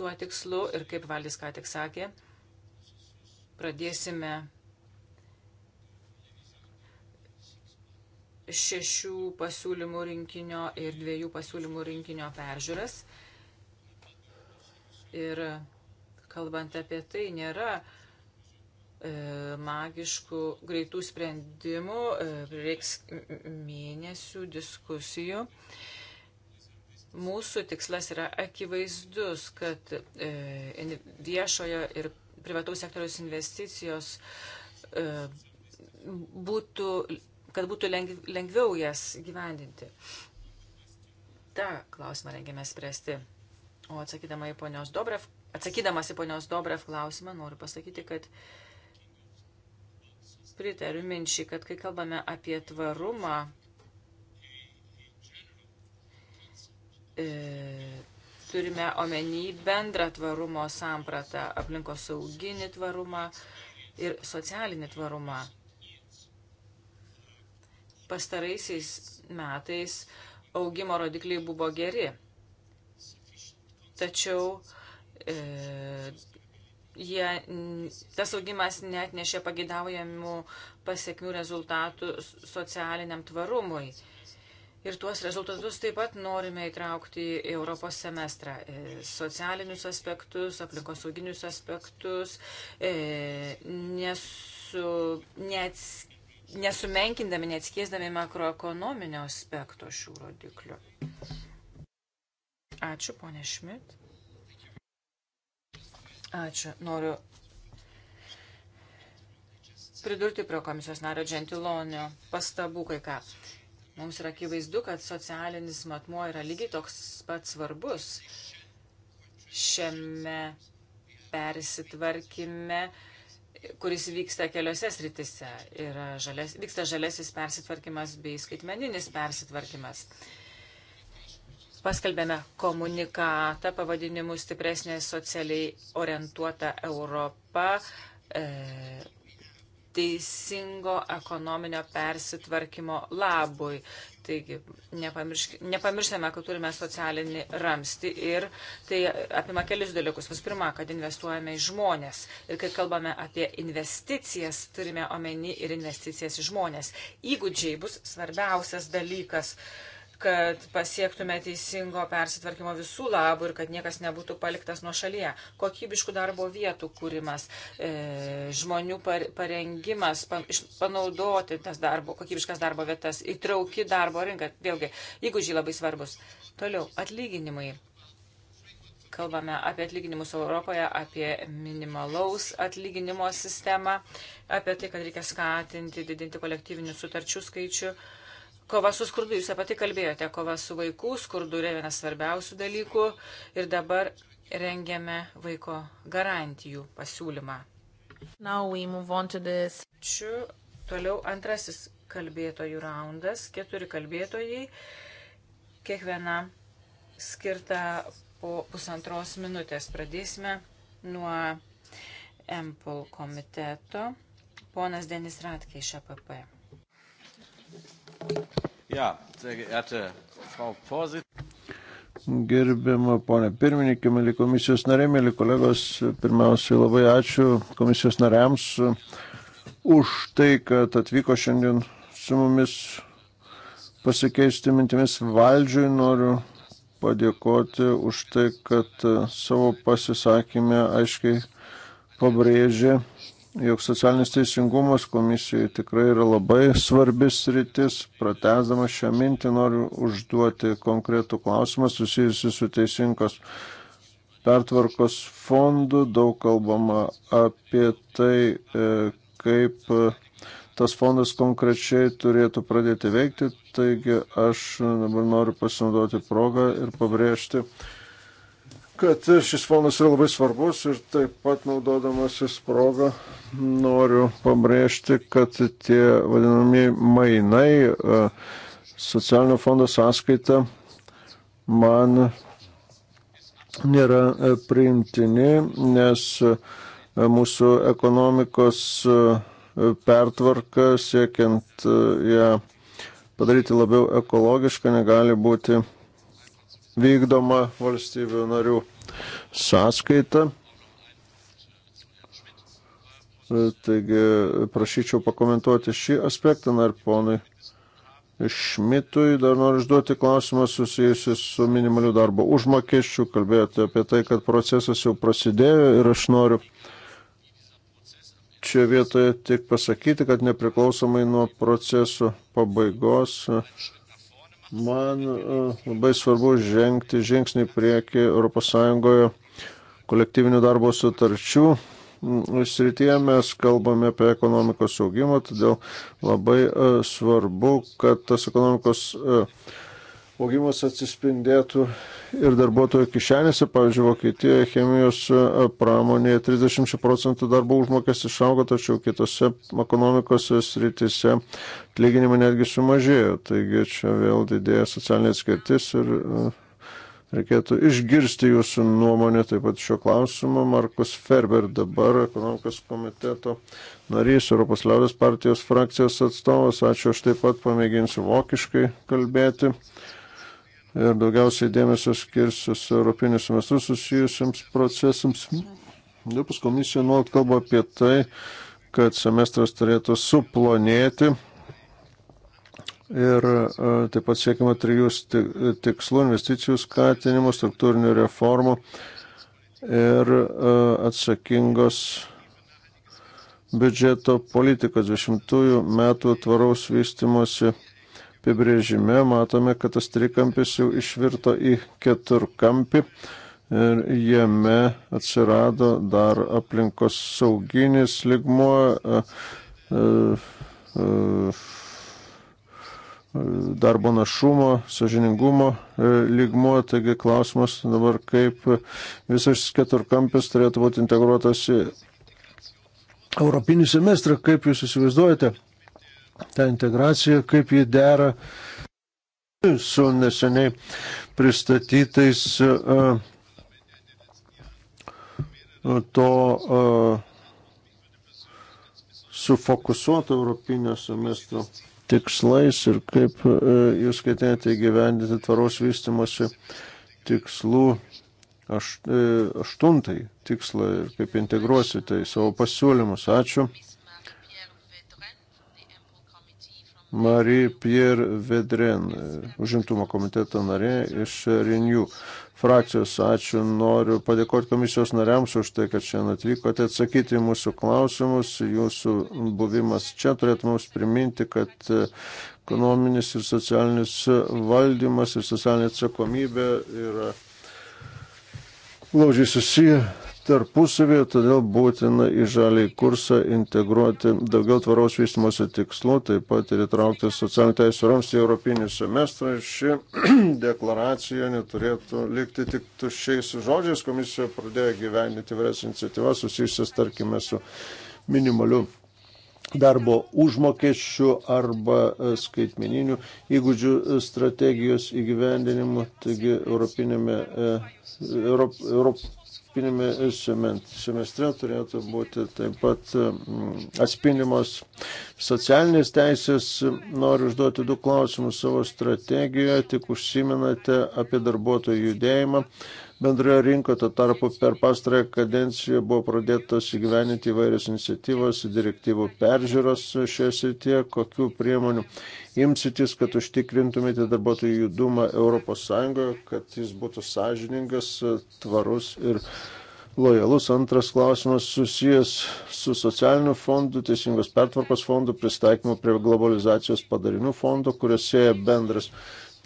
tuo tikslu ir kaip Valdis ką tik sakė, pradėsime šešių pasiūlymų rinkinio ir dviejų pasiūlymų rinkinio peržiūras. Ir kalbant apie tai, nėra e, magiškų greitų sprendimų, e, reiks mėnesių diskusijų. Mūsų tikslas yra akivaizdus, kad e, viešojo ir privataus sektoriaus investicijos e, būtų kad būtų lengviau jas gyvendinti. Ta klausimą rengiame spręsti. O atsakydama į ponios Dobrev, atsakydamas į ponios Dobrev klausimą, noriu pasakyti, kad pritariu minčiai, kad kai kalbame apie tvarumą, e, turime omeny bendrą tvarumo sampratą, aplinkos sauginį tvarumą ir socialinį tvarumą. Pastaraisiais metais augimo rodikliai buvo geri, tačiau e, jie, tas augimas net nešė pageidaujamų pasiekmių rezultatų socialiniam tvarumui. Ir tuos rezultatus taip pat norime įtraukti į Europos semestrą. E, socialinius aspektus, aplinkosauginius aspektus, e, nesu, neatskirti nesumenkindami, neatskiesdami makroekonominio aspekto šių rodiklių. Ačiū, ponė Šmit. Ačiū. Noriu pridurti prie komisijos nario Džentilonio pastabų kai ką. Mums yra akivaizdu, kad socialinis matmuo yra lygiai toks pat svarbus šiame persitvarkime kuris vyksta keliose sritise. Yra žales, vyksta žalesis persitvarkymas bei skaitmeninis persitvarkymas. Paskelbėme komunikatą pavadinimu stipresnė socialiai orientuota Europa e, teisingo ekonominio persitvarkymo labui. Taigi nepamirštame, kad turime socialinį ramstį ir tai apima kelius dalykus. Vis pirma, kad investuojame į žmonės. Ir kai kalbame apie investicijas, turime omeny ir investicijas į žmonės. Įgūdžiai bus svarbiausias dalykas. Uh, kad pasiektume teisingo persitvarkymo visų labų ir kad niekas nebūtų paliktas nuo šalyje. Kokybiškų darbo vietų kūrimas, e, žmonių par, parengimas, pa, iš, panaudoti tas darbo, kokybiškas darbo vietas, įtrauki darbo rinką, vėlgi, įgūdžiai labai svarbus. Toliau, atlyginimai. Kalbame apie atlyginimus Europoje, apie minimalaus atlyginimo sistemą, apie tai, kad reikia skatinti, didinti kolektyvinių sutarčių skaičių. E, Kova su skurdu, jūs apie tai kalbėjote, kova su vaikų skurdu yra vienas svarbiausių dalykų ir dabar rengiame vaiko garantijų pasiūlymą. Ačiū. Toliau antrasis kalbėtojų raundas, keturi kalbėtojai, kiekviena skirta po pusantros minutės. Pradėsime nuo MPL komiteto. Ponas Denis Ratkė iš APP. Ja, sehr geehrte Frau Vorsitzende. Gerbiama ponė pirmininkė, mėly komisijos nariai, mėly kolegos, pirmiausiai labai ačiū komisijos nariams už tai, kad atvyko šiandien su mumis pasikeisti mintimis valdžiui. Noriu padėkoti už tai, kad savo pasisakymę aiškiai pabrėžė jog socialinis teisingumas komisijoje tikrai yra labai svarbis rytis. Pratesdama šią mintį noriu užduoti konkretų klausimą susijusi su teisinkos pertvarkos fondu. Daug kalbama apie tai, e, kaip e, tas fondas konkrečiai turėtų pradėti veikti. Taigi aš dabar noriu pasinaudoti progą ir pabrėžti, kad šis fondas yra labai svarbus ir taip pat naudodamasis progą noriu pabrėžti, kad tie vadinamieji mainai e, socialinio fondo sąskaita man nėra e, priimtini, nes e, mūsų ekonomikos pertvarka siekiant ją padaryti labiau ekologišką negali būti vykdoma valstybių narių sąskaita. Taigi prašyčiau pakomentuoti šį aspektą, na ir ponai Šmitui dar noriu užduoti klausimą susijusiu su minimaliu darbo užmokesčiu. Kalbėjote apie tai, kad procesas jau prasidėjo ir aš noriu čia vietoje tik pasakyti, kad nepriklausomai nuo proceso pabaigos Man e, labai svarbu žengti žingsnį prieki ES kolektyvinių darbo sutarčių. Srityje mes kalbame apie ekonomikos augimą, todėl labai e, svarbu, kad tas ekonomikos uh, augimas atsispindėtų ir darbuotojų kišenėse. Pavyzdžiui, Vokietijoje chemijos e, pramonėje 30 procentų darbo užmokestis išaugo, tačiau kitose ekonomikos srityse atlyginimai netgi sumažėjo. Taigi čia vėl didėja socialinė atskirtis ir e, reikėtų išgirsti jūsų nuomonę taip pat šio klausimo. Markus Ferber dabar ekonomikos komiteto narys, Europos liaudės partijos frakcijos atstovas. Ačiū, aš taip pat pamėginsiu vokiškai kalbėti ir daugiausiai dėmesio skirsiu su Europiniu semestru susijusiams procesams. Europos komisija nuolat kalba apie tai, kad semestras turėtų suplonėti ir e, taip pat siekima trijų tikslų - investicijų skatinimo, struktūrinių reformų ir e, atsakingos biudžeto politikos 20 metų tvaraus vystimosi apibrėžime matome, kad tas trikampis jau išvirto į keturkampį ir jame atsirado dar aplinkos sauginis ligmuo, e, e, e, darbo našumo, sažiningumo ligmuo. Taigi klausimas dabar, kaip visas keturkampis turėtų būti integruotas į Europinį semestrą, kaip jūs įsivaizduojate, ta integracija, kaip ji dera su neseniai pristatytais e, e, to e, sufokusuoto Europinio semestro tikslais ir kaip jūs ketinate gyvendyti tvaros vystimosi tikslų aš, aštuntąjį tikslą ir kaip integruosite į savo pasiūlymus. Ačiū. Marie Pierre Vedren, užimtumo komiteto narė iš Renew frakcijos. Ačiū, noriu padėkoti komisijos nariams už tai, kad šiandien atvykote atsakyti į mūsų klausimus. Jūsų buvimas čia turėtų mums priminti, kad e, ekonominis ir socialinis valdymas ir socialinė atsakomybė yra glaužiai susiję tarpusavėje, todėl būtina į žalį kursą integruoti daugiau tvaraus vystimosi tikslų, taip pat ir įtraukti socialinių teisų ramstį į Europinį semestrą. Ši deklaracija neturėtų likti tik tuščiais žodžiais. Komisija pradėjo gyveninti įvairias iniciatyvas susijusias, tarkime, su minimaliu darbo užmokesčių arba e, skaitmeninių įgūdžių e, strategijos įgyvendinimu. Taigi, Europinėme, e, Europ, Europ, Pinime, e, semestre turėtų būti taip pat e, atspindimos socialinės teisės. Noriu užduoti du klausimus savo strategijoje, tik užsiminate apie darbuotojų judėjimą bendroje rinkoje. Tuo tarpu per pastarąją kadenciją buvo pradėtos įgyveninti įvairios iniciatyvos, direktyvų peržiūros šioje srityje, kokių priemonių imsitis, kad užtikrintumėte darbuotojų judumą ES, kad jis būtų sąžiningas, tvarus ir lojalus. Antras klausimas susijęs su socialiniu fondu, teisingos pertvarkos fondu, pristaikymu prie globalizacijos padarinių fondo, kuriuose bendras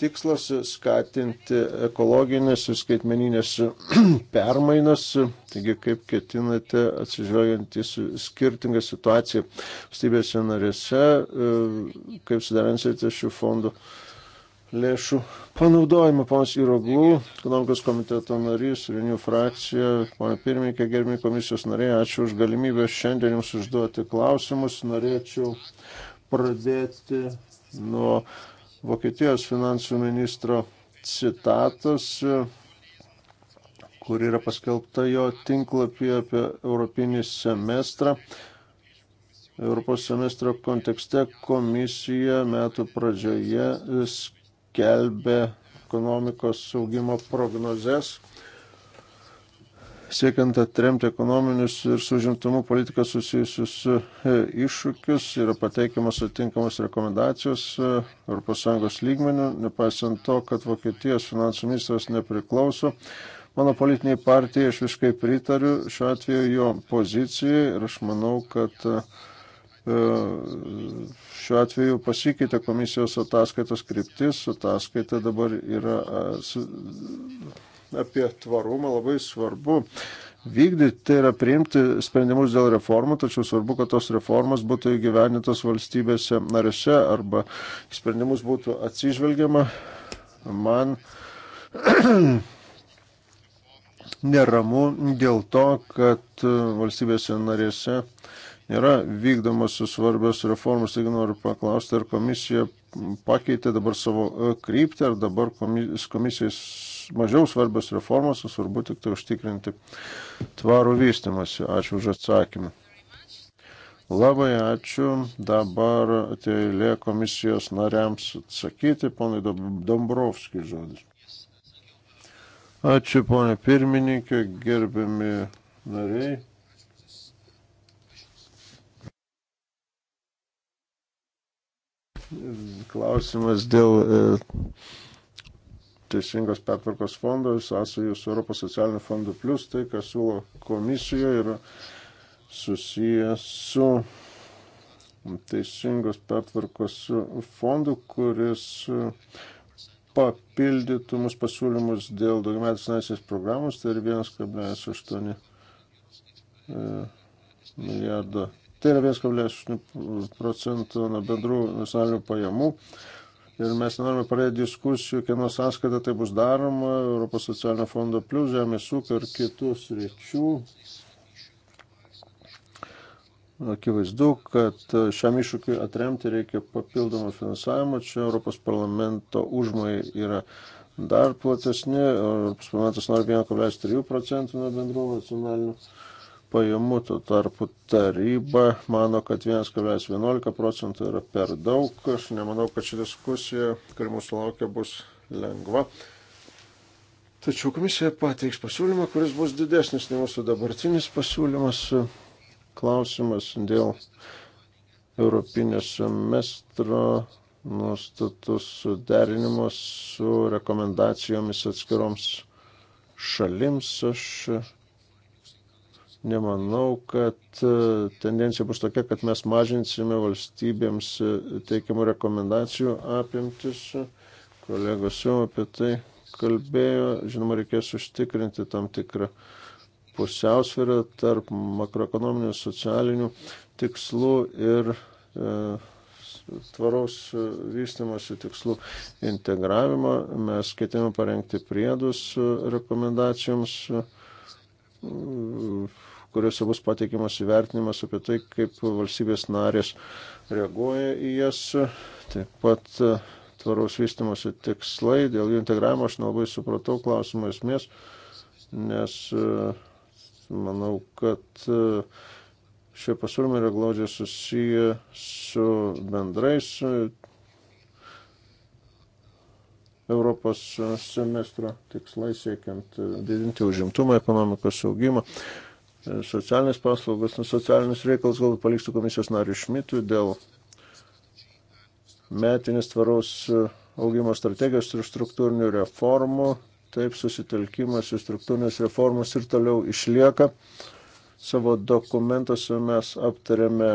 tikslas skatinti ekologinės ir skaitmeninės permainas, taigi kaip ketinate atsižvelgiant į skirtingą situaciją valstybėse narėse, e, kaip sudarinsite šių fondų lėšų panaudojimą. Ponas Iroglų, ekonomikos komiteto narys, Renių frakcija, pana pirmininkė, gerbimi komisijos nariai, ačiū už galimybę šiandien jums užduoti klausimus. Norėčiau pradėti nuo Vokietijos finansų ministro citatos, kur yra paskelbta jo tinklapyje apie Europinį semestrą. Europos semestro kontekste komisija metų pradžioje skelbė ekonomikos saugimo prognozes siekiant atremti ekonominius ir su žimtumu politiką susijusius e, iššūkius, yra pateikiamas atinkamos rekomendacijos e, ES lygmenių, nepaisant to, kad Vokietijos finansų ministras nepriklauso. Mano politiniai partijai aš visiškai pritariu šiuo atveju jo pozicijai ir aš manau, kad e, šiuo atveju pasikeitė komisijos ataskaitos kryptis, ataskaita dabar yra apie tvarumą, labai svarbu vykdyti, tai yra priimti sprendimus dėl reformų, tačiau svarbu, kad tos reformos būtų įgyvenintos valstybėse narėse arba sprendimus būtų atsižvelgiama. Man neramu dėl to, kad valstybėse narėse nėra vykdomas svarbios reformos, taigi noriu paklausti, ar komisija pakeitė dabar savo kryptį, ar dabar komisijos mažiau svarbios reformos, o svarbu tik tai užtikrinti tvarų vystimasi. Ačiū už atsakymą. Labai ačiū. Dabar atėjo komisijos nariams atsakyti. Ponai Dombrovskis žodis. Ačiū, ponė pirmininkė, gerbiami nariai. Klausimas dėl e, Teisingos pertvarkos fondo ir sąsajų su Europos socialiniu fondu plus tai, kas siūlo komisija yra susijęs su Teisingos pertvarkos fondu, kuris papildytų mūsų pasiūlymus dėl daugiametės naisės programos, tai yra 1,8 e, milijardo. Tai yra 1,8 procentų nuo bendrų nacionalinių pajamų ir mes norime pradėti diskusijų, kieno sąskaita tai bus daroma, Europos socialinio fondo plus, žemės ūkio ir kitus ryčių. Akivaizdu, kad šiam iššūkiui atremti reikia papildomą finansavimą. Čia Europos parlamento užmai yra dar platesni. Europos parlamentas nori 1,3 procentų nuo bendrų nacionalinių pajamų, tuo tarpu taryba mano, kad 1,11 procentų yra per daug. Aš nemanau, kad ši diskusija, kuri mūsų laukia, bus lengva. Tačiau komisija pateiks pasiūlymą, kuris bus didesnis nei mūsų dabartinis pasiūlymas. Klausimas dėl Europinio semestro nustatų suderinimo su rekomendacijomis atskiroms šalims. Aš Nemanau, kad e, tendencija bus tokia, kad mes mažinsime valstybėms e, teikiamų rekomendacijų apimtis. Kolegos jau apie tai kalbėjo. Žinoma, reikės užtikrinti tam tikrą pusiausvyrą tarp makroekonominių, socialinių tikslų ir e, tvaraus e, vystimosi tikslų integravimo. Mes ketiname parengti priedus rekomendacijoms. E, kuriuose bus pateikiamas įvertinimas apie tai, kaip valstybės narės reaguoja į jas. Taip pat e, tvaraus vystimosi tikslai, dėl jų integravimo aš nelabai supratau klausimą esmės, nes e, manau, kad e, šie pasiūlymai yra glaudžiai susiję su bendrais Europos semestro tikslai siekiant didinti užimtumą, ekonomikos saugimą socialinės paslaugas, socialinius reikalus galbūt paliksiu komisijos nariu Šmitui dėl metinės tvaraus e, augimo strategijos ir struktūrinių reformų. Taip susitelkimas į struktūrinės reformas ir toliau išlieka. Savo dokumentuose mes aptarėme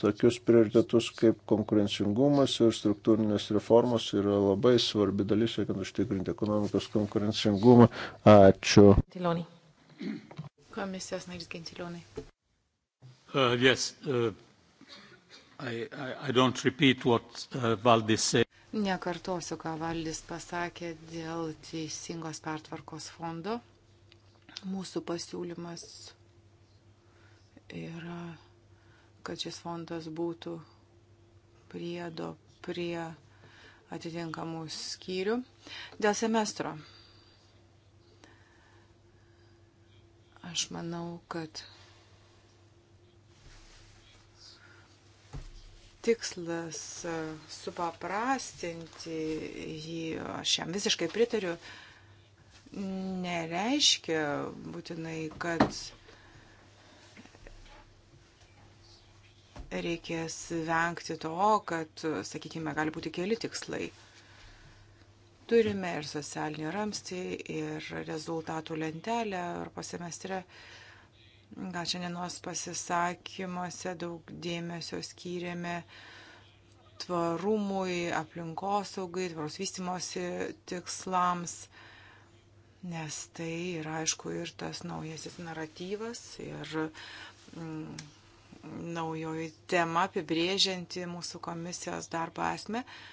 tokius prioritetus kaip konkurencingumas ir struktūrinės reformos yra labai svarbi dalis, siekiant užtikrinti ekonomikos konkurencingumą. Ačiū. Tilonį. Komisijos narys Gentilionai. Uh, yes, uh, I, I, I what, uh, Nekartosiu, ką Valdis pasakė dėl teisingos pertvarkos fondo. Mūsų pasiūlymas yra, kad šis fondas būtų priedo prie atitinkamų skyrių dėl semestro. Aš manau, kad tikslas e, supaprastinti jį, aš jam visiškai pritariu, nereiškia būtinai, kad reikės vengti to, kad, sakykime, gali būti keli tikslai. Turime ir socialinį ramstį, ir rezultatų lentelę Europos semestre. Gal šiandienos pasisakymuose daug dėmesio skyrėme tvarumui, aplinkosaugai, tvaros vystimosi tikslams, nes tai yra, aišku, ir tas naujasis naratyvas ir mm, naujoji tema apibrėžianti mūsų komisijos darbo esmę. Mm,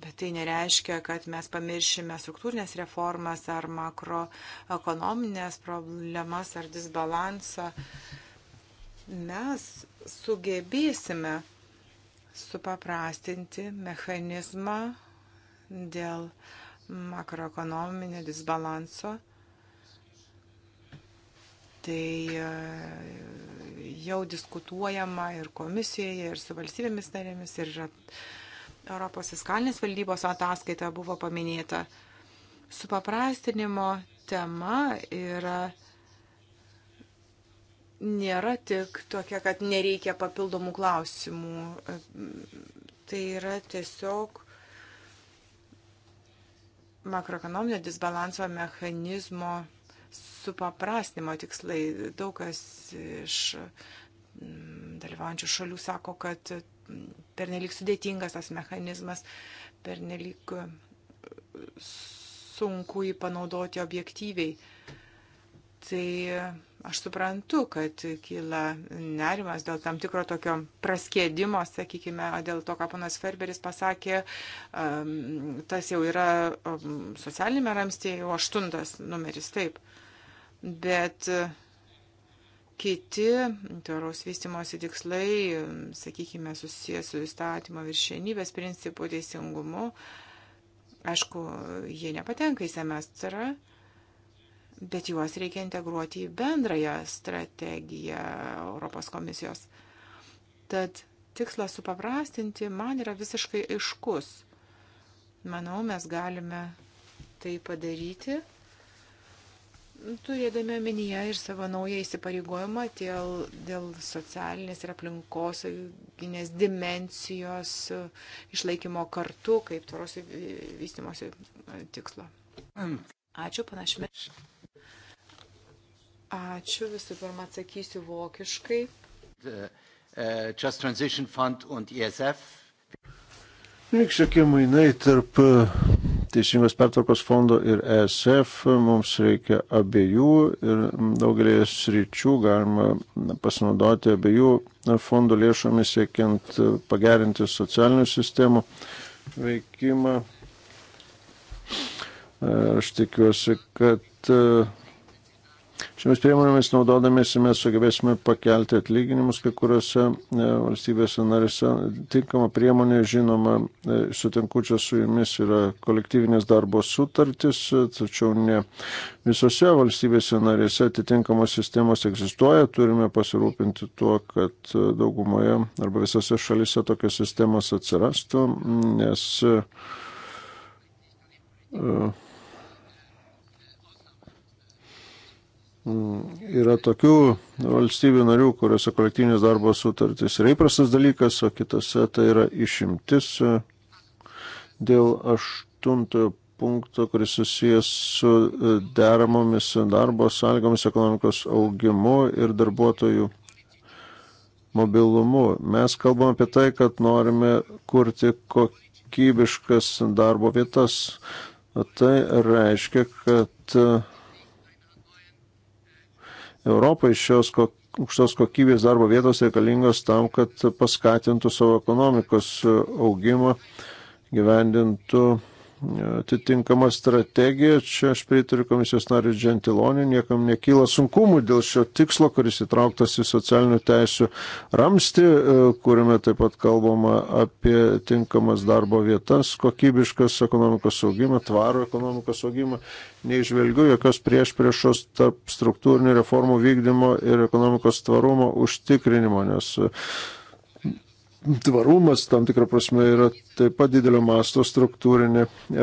Bet tai nereiškia, kad mes pamiršime struktūrinės reformas ar makroekonominės problemas ar disbalansą. Mes sugebėsime supaprastinti mechanizmą dėl makroekonominio disbalanso. Tai e, jau diskutuojama ir komisijoje, ir su valstybėmis narėmis, ir yra Europos fiskalinės valdybos ataskaita buvo paminėta. Supaprastinimo tema yra nėra tik tokia, kad nereikia papildomų klausimų. Tai yra tiesiog makroekonominio disbalanso mechanizmo supaprastinimo tikslai. Daug kas iš Mm, dalyvaujančių šalių sako, kad mm, pernelik sudėtingas tas mechanizmas, pernelik mm, sunku jį panaudoti objektyviai. Tai aš suprantu, kad kyla nerimas dėl tam tikro tokio praskėdimo, sakykime, dėl to, ką panas Ferberis pasakė, tas jau yra socialinėme ramstėje, jau aštuntas numeris, taip. Bet uh, Kiti tvaraus vystimosi tikslai, sakykime, susijęs su įstatymo viršienybės principų teisingumu, aišku, jie nepatenka į semestrą, bet juos reikia integruoti į bendrąją strategiją Europos komisijos. Tad tikslas supaprastinti man yra visiškai aiškus. Manau, mes galime tai padaryti Turėdami omenyje ir savo naują įsipareigojimą dėl, dėl socialinės ir aplinkosauginės dimensijos e, išlaikymo kartu kaip tvaros vystimosi e, tikslo. Ačiū, panašime. Ačiū, visų pirma atsakysiu vokiškai. The, uh, Just Transition Fund und ESF. Vykščiai mainai tarp uh Teisingos pertvarkos fondo ir ESF mums reikia abiejų ir daugelį sričių galima pasinaudoti abiejų fondų lėšomis, siekiant pagerinti socialinių sistemų veikimą. Aš tikiuosi, kad Šiomis priemonėmis naudodamėsi mes sugebėsime pakelti atlyginimus kai kuriuose e, valstybėse narėse. Tinkama priemonė, žinoma, e, sutinku čia su jumis yra kolektyvinės darbo sutartis, e, tačiau ne visose valstybėse narėse atitinkamos sistemos egzistuoja. Turime pasirūpinti tuo, kad daugumoje arba visose šalise tokios sistemos atsirastų, nes uh, Mm, yra tokių valstybių narių, kuriuose kolektyvinės darbo sutartys yra įprastas dalykas, o kitose tai yra išimtis e, dėl aštuntojo punkto, kuris susijęs su e, deramomis darbo sąlygomis, ekonomikos augimu ir darbuotojų mobilumu. Mes kalbam apie tai, kad norime kurti kokybiškas darbo vietas. O tai reiškia, kad e, Europai šios aukštos kokybės darbo vietos reikalingos tam, kad paskatintų savo ekonomikos augimą, gyvendintų atitinkama strategija. Čia aš pritariu komisijos nariu Džentilonį, niekam nekyla sunkumų dėl šio tikslo, kuris įtrauktas į socialinių teisų ramsti, e, kuriame taip pat kalbama apie tinkamas darbo vietas, kokybiškas ekonomikos augimą, tvarų ekonomikos augimą. Neižvelgiu jokios prieš priešos tarp struktūrinių reformų vykdymo ir ekonomikos tvarumo užtikrinimo, nes tvarumas tam tikrą prasme yra taip pat didelio masto struktūrinė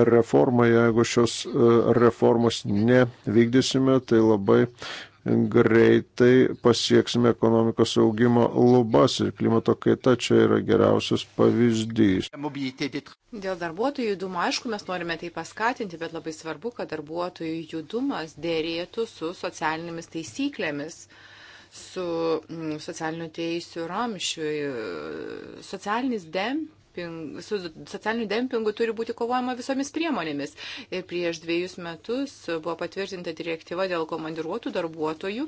reforma. Jeigu šios e, reformos nevykdysime, tai labai greitai pasieksime ekonomikos augimo lubas ir klimato kaita čia yra geriausias pavyzdys. Dėl darbuotojų judumo, aišku, mes norime tai paskatinti, bet labai svarbu, kad darbuotojų judumas dėrėtų su socialinėmis taisyklėmis. Uh, su mm, socialiniu teisiu ramšiui. E, socialinis dempingas su socialiniu dempingu turi būti kovojama visomis priemonėmis. Ir e, prieš dviejus metus buvo patvirtinta direktyva dėl komandiruotų darbuotojų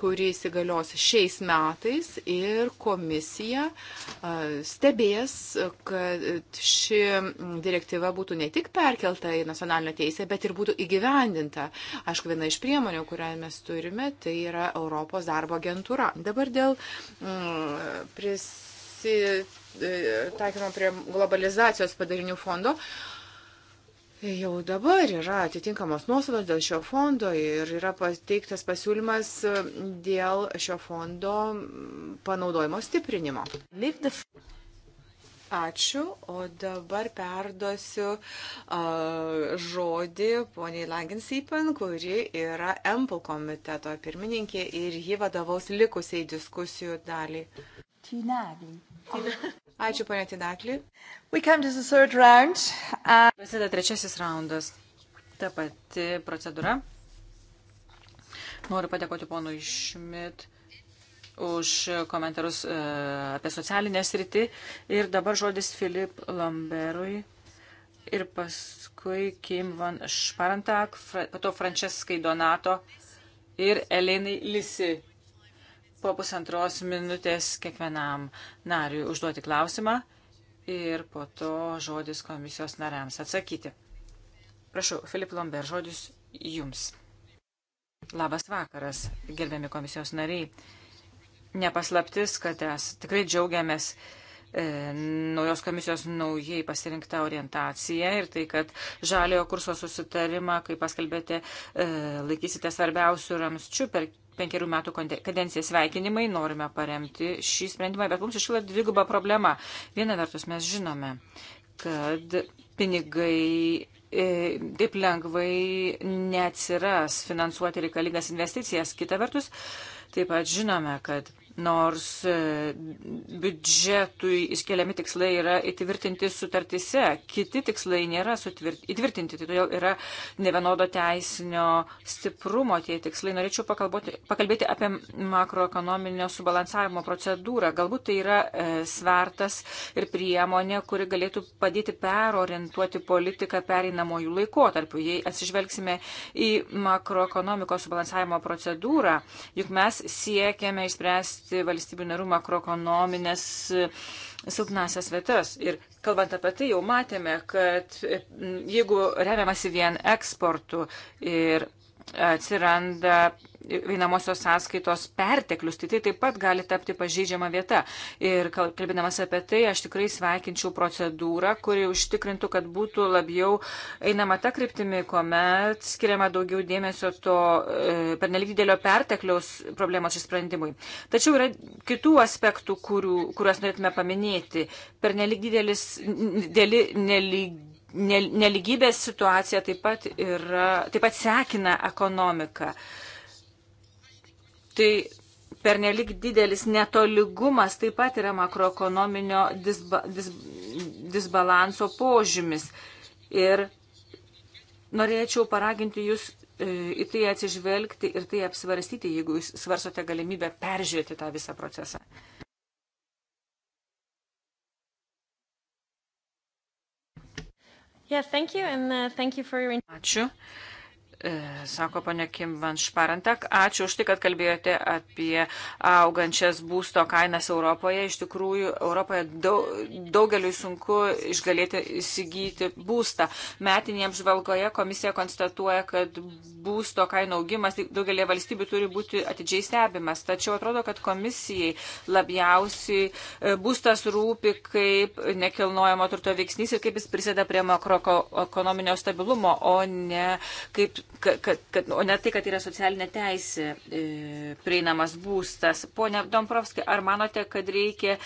kuri įsigalios šiais metais ir komisija stebės, kad ši direktyva būtų ne tik perkelta į nacionalinę teisę, bet ir būtų įgyvendinta. Aišku, viena iš priemonių, kurią mes turime, tai yra Europos darbo agentūra. Dabar dėl mm, pris e, taikymo prie globalizacijos padarinių fondo. Uh, Jau dabar yra atitinkamos nuostatos dėl šio fondo ir yra pateiktas pasiūlymas e, dėl šio fondo panaudojimo stiprinimo. Ačiū, o dabar perduosiu uh, žodį poniai Langensypen, kuri yra MPL komiteto pirmininkė ir ji vadovaus likusiai diskusijų daliai. Tinagli. Ačiū, ponė Tidaklį. Uh, Prasideda trečiasis raundas. Ta pati procedūra. Noriu padėkoti ponui Šmit už komentarus e, apie socialinę sritį. Ir dabar žodis Filip Lamberui. Ir paskui Kim Van Šparantak, po to Franceskai Donato ir Elenai Lisi po pusantros minutės kiekvienam nariui užduoti klausimą ir po to žodis komisijos nariams atsakyti. Prašau, Filip Lomber, žodis jums. Labas vakaras, gerbiami komisijos nariai. Nepaslaptis, kad mes tikrai džiaugiamės e, naujos komisijos naujai pasirinktą orientaciją ir tai, kad žaliojo kurso susitarimą, kaip paskelbėte, e, laikysite svarbiausių ramsčių per penkerių metų kadenciją sveikinimai, norime paremti šį sprendimą, bet mums iškyla dviguba problema. Viena vertus mes žinome, kad pinigai e, taip lengvai neatsiras finansuoti reikalingas investicijas. Kita vertus, taip pat žinome, kad nors e, biudžetui iškeliami tikslai yra įtvirtinti sutartise, kiti tikslai nėra įtvirtinti, tai todėl yra nevienodo teisinio stiprumo tie tikslai. Norėčiau pakalbėti apie makroekonominio subalansavimo procedūrą. Galbūt tai yra e, svertas ir priemonė, kuri galėtų padėti perorientuoti politiką pereinamojų laikotarpių. Jei atsižvelgsime į makroekonomikos subalansavimo procedūrą, juk mes siekiame išspręsti spręsti valstybių narių makroekonominės e, silpnasias vietas. Ir kalbant apie tai, jau matėme, kad e, jeigu remiamasi vien eksportu ir atsiranda einamosios sąskaitos perteklius, tai tai taip pat gali tapti pažydžiama vieta. Ir kalbėdamas apie tai, aš tikrai sveikinčiau procedūrą, kuri užtikrintų, kad būtų labiau einama ta kryptimi, kuomet skiriama daugiau dėmesio to e, pernelik didelio pertekliaus problemos išsprendimui. Tačiau yra kitų aspektų, kurių, kuriuos norėtume paminėti. Pernelik didelis, dėli, nelig, nelygybės situacija taip pat, yra, taip pat sekina ekonomiką. E, Tai pernelik didelis netoligumas taip pat yra makroekonominio disba, dis, disbalanso požymis. Ir norėčiau paraginti jūs e, į tai atsižvelgti ir tai apsvarstyti, jeigu jūs svarsote galimybę peržiūrėti tą visą procesą. Yeah, thank you and, uh, thank you for your... Ačiū. E, sako ponia Kim Van Šparantak, ačiū už tai, kad kalbėjote apie augančias būsto kainas Europoje. Iš tikrųjų, Europoje daug, daugeliu sunku išgalėti įsigyti būstą. Metinėje apžvalgoje komisija konstatuoja, kad būsto kainų augimas daugelį valstybių turi būti atidžiai stebimas. Tačiau atrodo, kad komisijai labiausiai e, būstas rūpi kaip nekilnojamo turto veiksnys ir kaip jis prisėda prie makroekonominio stabilumo, o ne kaip kad, kad, o ne tai, kad yra socialinė teisė e, prieinamas būstas. Pone Domprovski, ar manote, kad reikia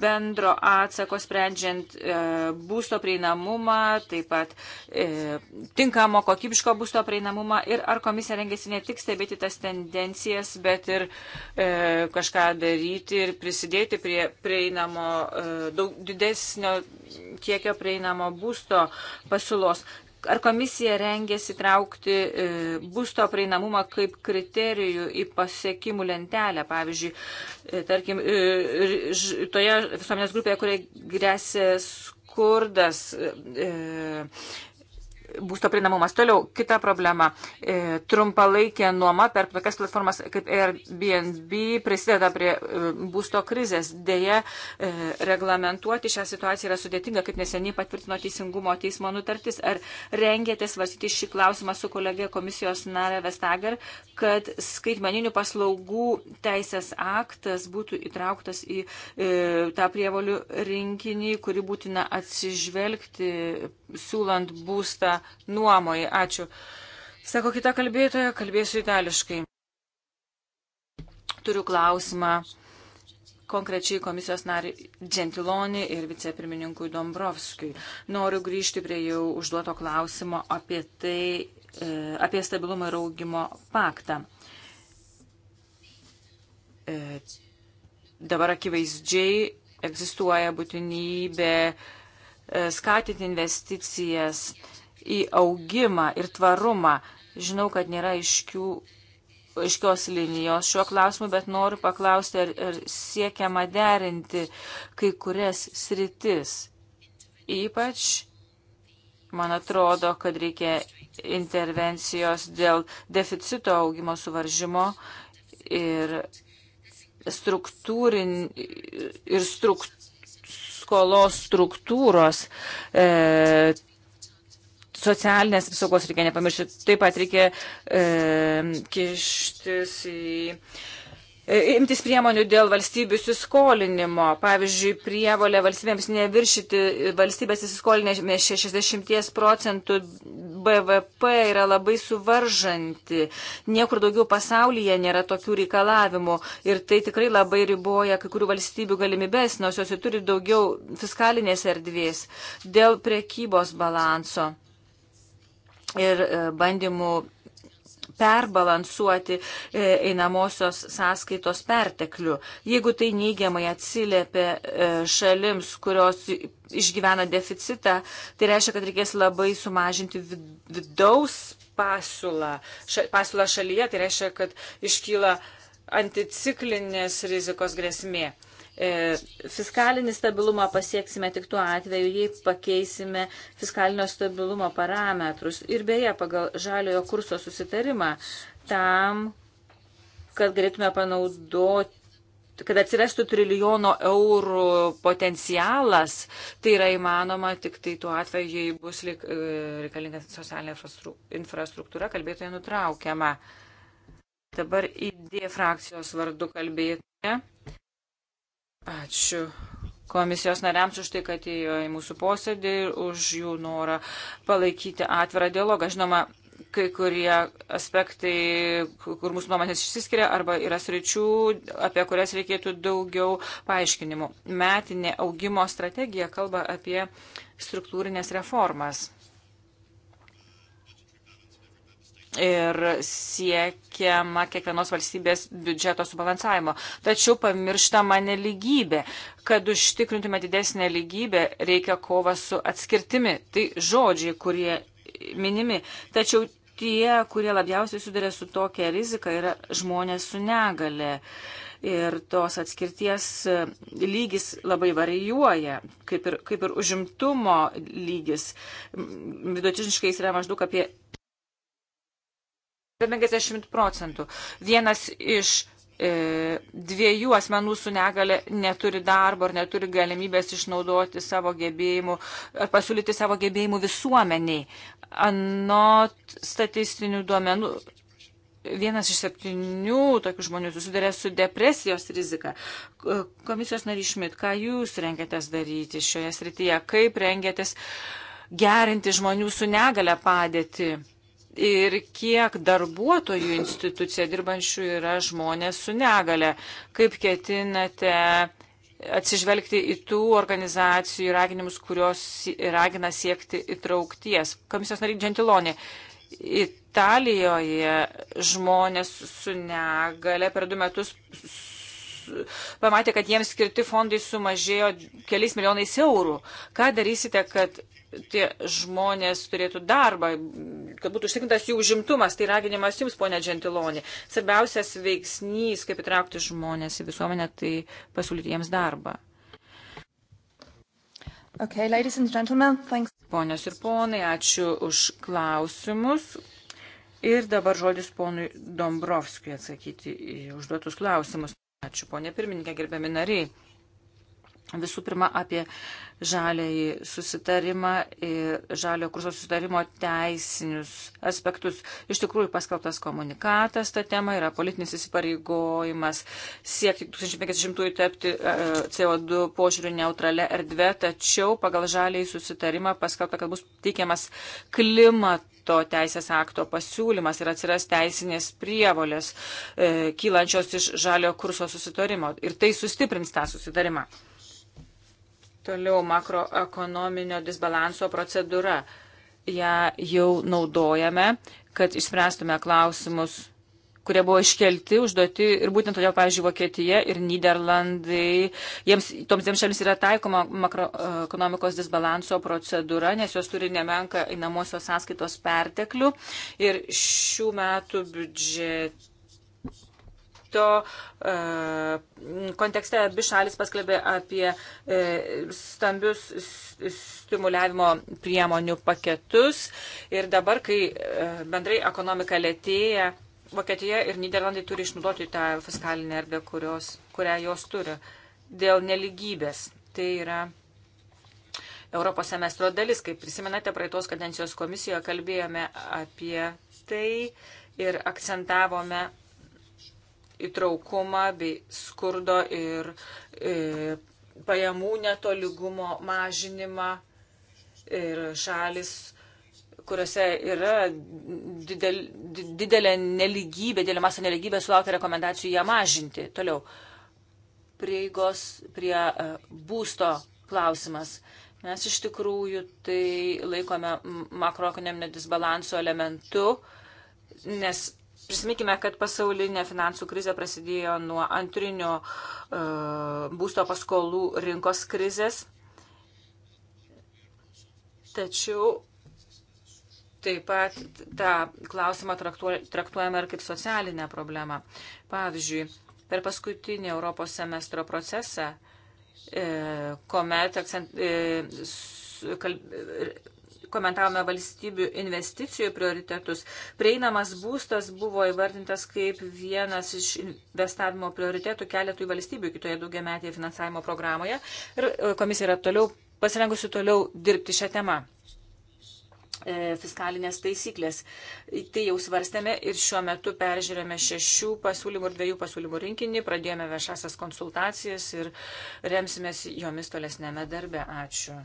bendro atsako sprendžiant e, būsto prieinamumą, taip pat e, tinkamo kokybiško būsto prieinamumą ir ar komisija rengiasi ne tik stebėti tas tendencijas, bet ir e, kažką daryti ir prisidėti prie prieinamo, e, daug didesnio kiekio prieinamo būsto pasiūlos. Ar komisija rengėsi traukti e, būsto prieinamumą kaip kriterijų į pasiekimų lentelę? Pavyzdžiui, e, tarkim, e, toje visuomenės grupėje, kurie grėsė skurdas, būsto prieinamumas. Toliau, kita problema. E, trumpalaikė nuoma per tokias platformas kaip Airbnb prisideda prie e, būsto krizės. Deja, e, reglamentuoti šią situaciją yra sudėtinga, kaip neseniai patvirtino Teisingumo teismo nutartis. Ar rengėte svarstyti šį klausimą su kolegė komisijos narė Vestager, kad skaitmeninių paslaugų teisės aktas būtų įtrauktas į e, tą prievolių rinkinį, kuri būtina atsižvelgti, siūlant būstą nuomoje. Ačiū. Sako kita kalbėtoja, kalbėsiu itališkai. Turiu klausimą konkrečiai komisijos nariui Gentiloni ir vicepirmininkui Dombrovskijui. Noriu grįžti prie jau užduoto klausimo apie tai, e, apie stabilumo ir augimo paktą. E, dabar akivaizdžiai egzistuoja būtinybė e, skatinti investicijas į augimą ir tvarumą. Žinau, kad nėra iškių, iškios linijos šiuo klausimu, bet noriu paklausti, ar, ar siekiama derinti kai kurias sritis. Ypač, man atrodo, kad reikia intervencijos dėl deficito augimo suvaržymo ir struktūrin ir struktūros skolos struktūros e, socialinės apsaugos reikia nepamiršti. Taip pat reikia e, kištis į. E, imtis priemonių dėl valstybių įsiskolinimo. Pavyzdžiui, prievolė valstybėms neviršyti valstybės įsiskolinę 60 procentų BVP yra labai suvaržanti. Niekur daugiau pasaulyje nėra tokių reikalavimų ir tai tikrai labai riboja kai kurių valstybių galimybės, nors jos jau turi daugiau fiskalinės erdvės dėl prekybos balanso ir e, bandymų perbalansuoti e, einamosios sąskaitos perteklių. Jeigu tai neigiamai atsiliepia e, šalims, kurios išgyvena deficitą, tai reiškia, kad reikės labai sumažinti vidaus pasiūlą. Pasiūlą šalyje tai reiškia, kad iškyla anticiklinės rizikos grėsmė. E, fiskalinį stabilumą pasieksime tik tuo atveju, jei pakeisime fiskalinio stabilumo parametrus. Ir beje, pagal žaliojo kurso susitarimą, tam, kad galėtume panaudoti kad atsirastų trilijono eurų potencialas, tai yra įmanoma tik tai tuo atveju, jei bus e, reikalinga socialinė infrastruktūra, kalbėtoje nutraukiama. Dabar idėja frakcijos vardu kalbėtoje. Ačiū komisijos nariams už tai, kad įėjo į mūsų posėdį ir už jų norą palaikyti atvirą dialogą. Žinoma, kai kurie aspektai, kur mūsų nuomonės išsiskiria, arba yra sričių, apie kurias reikėtų daugiau paaiškinimų. Metinė augimo strategija kalba apie struktūrinės reformas. ir siekiama kiekvienos valstybės biudžeto subalansavimo. Tačiau pamirštama neligybė. Kad užtikrintume didesnę lygybę, reikia kova su atskirtimi. Tai žodžiai, kurie minimi. Tačiau tie, kurie labiausiai sudarė su tokia rizika, yra žmonės su negale. Ir tos atskirties lygis labai varijuoja, kaip ir, kaip ir užimtumo lygis. Vidutiniškai jis yra maždaug apie 50 procentų. Vienas iš e, dviejų asmenų su negale neturi darbo ar neturi galimybės išnaudoti savo gebėjimų ar pasiūlyti savo gebėjimų visuomeniai. Anot statistinių duomenų, vienas iš septynių tokių žmonių susiduria su depresijos rizika. Komisijos narys Šmit, ką jūs rengiatės daryti šioje srityje? Kaip rengiatės gerinti žmonių su negale padėti? ir kiek darbuotojų institucija dirbančių yra žmonės su negale. Kaip ketinate atsižvelgti į tų organizacijų raginimus, kurios ragina siekti įtraukties. Komisijos nariai Gentilonė. Italijoje žmonės su negale per du metus pamatė, kad jiems skirti fondai sumažėjo keliais milijonais eurų. Ką darysite, kad tie žmonės turėtų darbą, kad būtų užtikrintas jų užimtumas, tai raginimas jums, ponė Džentilonė. Svarbiausias veiksnys, kaip įtraukti žmonės į visuomenę, tai pasiūlyti jiems darbą. Okay, Ponios ir ponai, ačiū už klausimus. Ir dabar žodis ponui Dombrovskijui atsakyti į užduotus klausimus. Ačiū, ponė pirmininkė, gerbiami nariai. Visų pirma, apie žaliai susitarimą ir žalio kurso susitarimo teisinius aspektus. Iš tikrųjų, paskelbtas komunikatas tą temą yra politinis įsipareigojimas siekti 2050-ųjų tapti e, CO2 požiūrių neutralę erdvę, tačiau pagal žaliai susitarimą paskelbta, kad bus teikiamas klimato teisės akto pasiūlymas ir atsiras teisinės prievolės e, kylančios iš žalio kurso susitarimo. Ir tai sustiprins tą susitarimą. Toliau makroekonominio disbalanso procedūra. Ja jau naudojame, kad išspręstume klausimus, kurie buvo iškelti, užduoti ir būtent todėl, pavyzdžiui, Vokietija ir Niderlandai, jiems, toms dviem šalims yra taikoma makroekonomikos disbalanso procedūra, nes jos turi nemenka einamosios sąskaitos perteklių ir šių metų biudžetų samito e, kontekste abi šalis paskelbė apie e, stambius stimuliavimo priemonių paketus ir dabar, kai e, bendrai ekonomika lėtėja, Vokietija ir Niderlandai turi išnaudoti tą fiskalinę erdvę, kurios, kurią jos turi dėl neligybės. Tai yra Europos semestro dalis. Kaip prisimenate, praeitos kadencijos komisijoje kalbėjome apie tai ir akcentavome įtraukumą bei skurdo ir e, pajamų netoligumo mažinimą ir šalis, kuriuose yra didel, didelė neligybė, didelė masė neligybė, sulaukia rekomendacijų ją mažinti. Toliau, prieigos prie e, būsto klausimas. Mes iš tikrųjų tai laikome makroekonominio disbalanso elementu, nes Prisiminkime, kad pasaulinė finansų krizė prasidėjo nuo antrinio uh, e, būsto paskolų rinkos krizės. Tačiau taip pat tą klausimą traktuojame ir kaip socialinę problemą. Pavyzdžiui, per paskutinį Europos semestro procesą, e, kuomet akcent, e, kalb, komentavome valstybių investicijų prioritetus. Prieinamas būstas buvo įvardintas kaip vienas iš investavimo prioritetų keletui valstybių kitoje daugiametėje finansavimo programoje ir e, komisija yra toliau pasirengusi toliau dirbti šią temą e, fiskalinės taisyklės. Tai jau svarstėme ir šiuo metu peržiūrėme šešių pasiūlymų ir dviejų pasiūlymų rinkinį, pradėjome viešasias konsultacijas ir remsimės jomis tolesnėme darbe. Ačiū.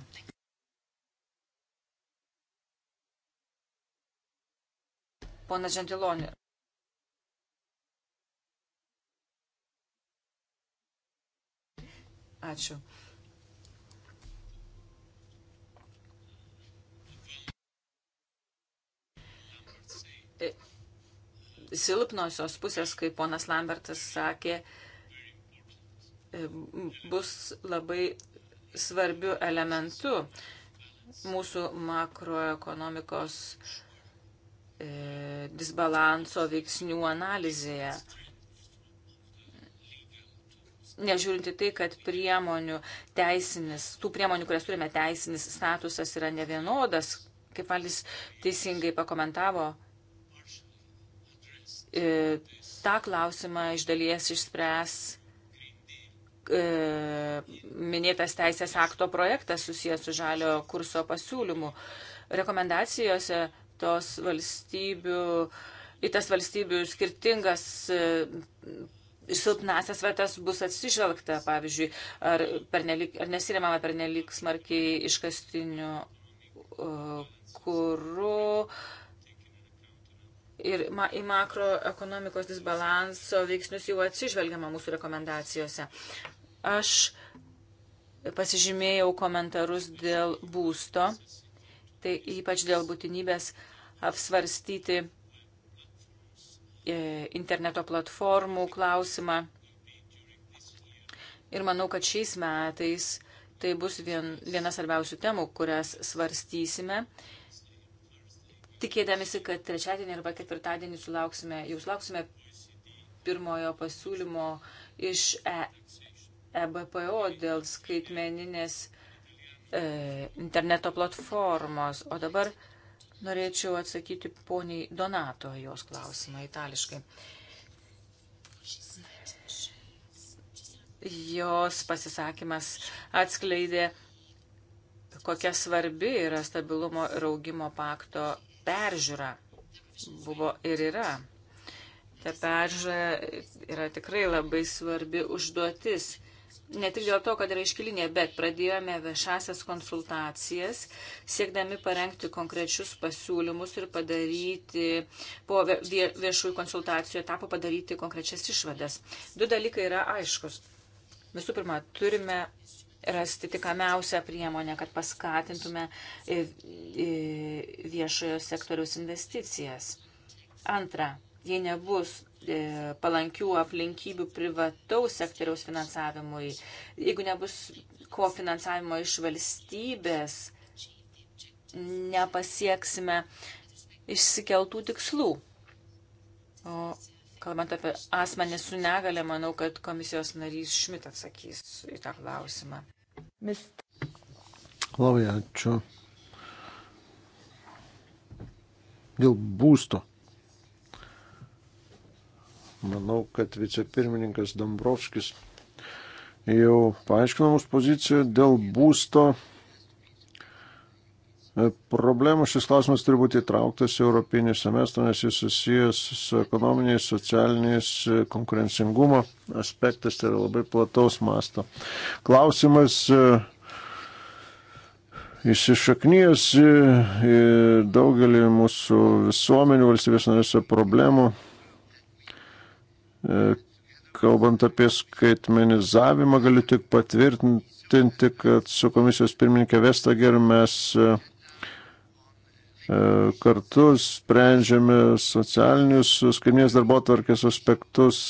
Ponas Žentiloni. Ačiū. E, silpnosios pusės, kaip ponas Lambertas sakė, e, bus labai svarbiu elementu mūsų makroekonomikos e, disbalanso veiksnių analizėje. Nežiūrinti tai, kad priemonių teisinis, tų priemonių, kurias turime teisinis statusas yra nevienodas, kaip valis teisingai pakomentavo, e, tą klausimą iš dalies išspręs e, minėtas teisės akto projektas susijęs su žalio kurso pasiūlymu. Rekomendacijose tos valstybių, į tas valstybių skirtingas e, silpnasias vietas bus atsižvelgta, pavyzdžiui, ar, pernelik, ar nesirimama per nelik smarkiai iškastinių e, kurų ir ma į makroekonomikos disbalanso veiksnius jau atsižvelgiama mūsų rekomendacijose. Aš pasižymėjau komentarus dėl būsto, tai ypač dėl būtinybės uh, apsvarstyti e, interneto platformų klausimą. Ir manau, kad šiais metais tai bus vien, viena svarbiausių temų, kurias svarstysime. Tikėdamėsi, kad trečiadienį arba ketvirtadienį sulauksime, jau sulauksime pirmojo pasiūlymo iš e, EBPO dėl skaitmeninės e, interneto platformos. O dabar Norėčiau atsakyti poniai Donato jos klausimą itališkai. Jos pasisakymas atskleidė, kokia svarbi yra stabilumo ir augimo pakto peržiūra. Buvo ir yra. Ta peržiūra yra tikrai labai svarbi užduotis ne tik dėl to, kad yra iškilinė, bet pradėjome viešasias konsultacijas, siekdami parengti konkrečius pasiūlymus ir padaryti, po viešųjų konsultacijų etapo padaryti konkrečias išvadas. Du dalykai yra aiškus. Visų pirma, turime rasti tikamiausią priemonę, kad paskatintume viešojo sektoriaus investicijas. Antra, jei nebus E, palankių aplinkybių privataus sektoriaus finansavimui, jeigu nebus kofinansavimo iš valstybės, nepasieksime išsikeltų tikslų. O kalbant apie asmenį su negale, manau, kad komisijos narys Šmit atsakys į tą klausimą. Labai ačiū. Dėl būsto Manau, kad vicepirmininkas Dombrovskis jau paaiškino mūsų poziciją dėl būsto e, problemų. Šis klausimas turi būti įtrauktas į Europinį semestrą, nes jis susijęs su ekonominiais, socialiniais, e, konkurencingumo aspektas, tai yra labai plataus masto. Klausimas e, įsišaknyjęs į daugelį mūsų visuomenių valstybės narėse problemų E, kalbant apie skaitmenizavimą, galiu tik patvirtinti, kad su komisijos pirmininkė Vestager mes e, e, kartu sprendžiame socialinius skaitminės darbo tvarkės aspektus,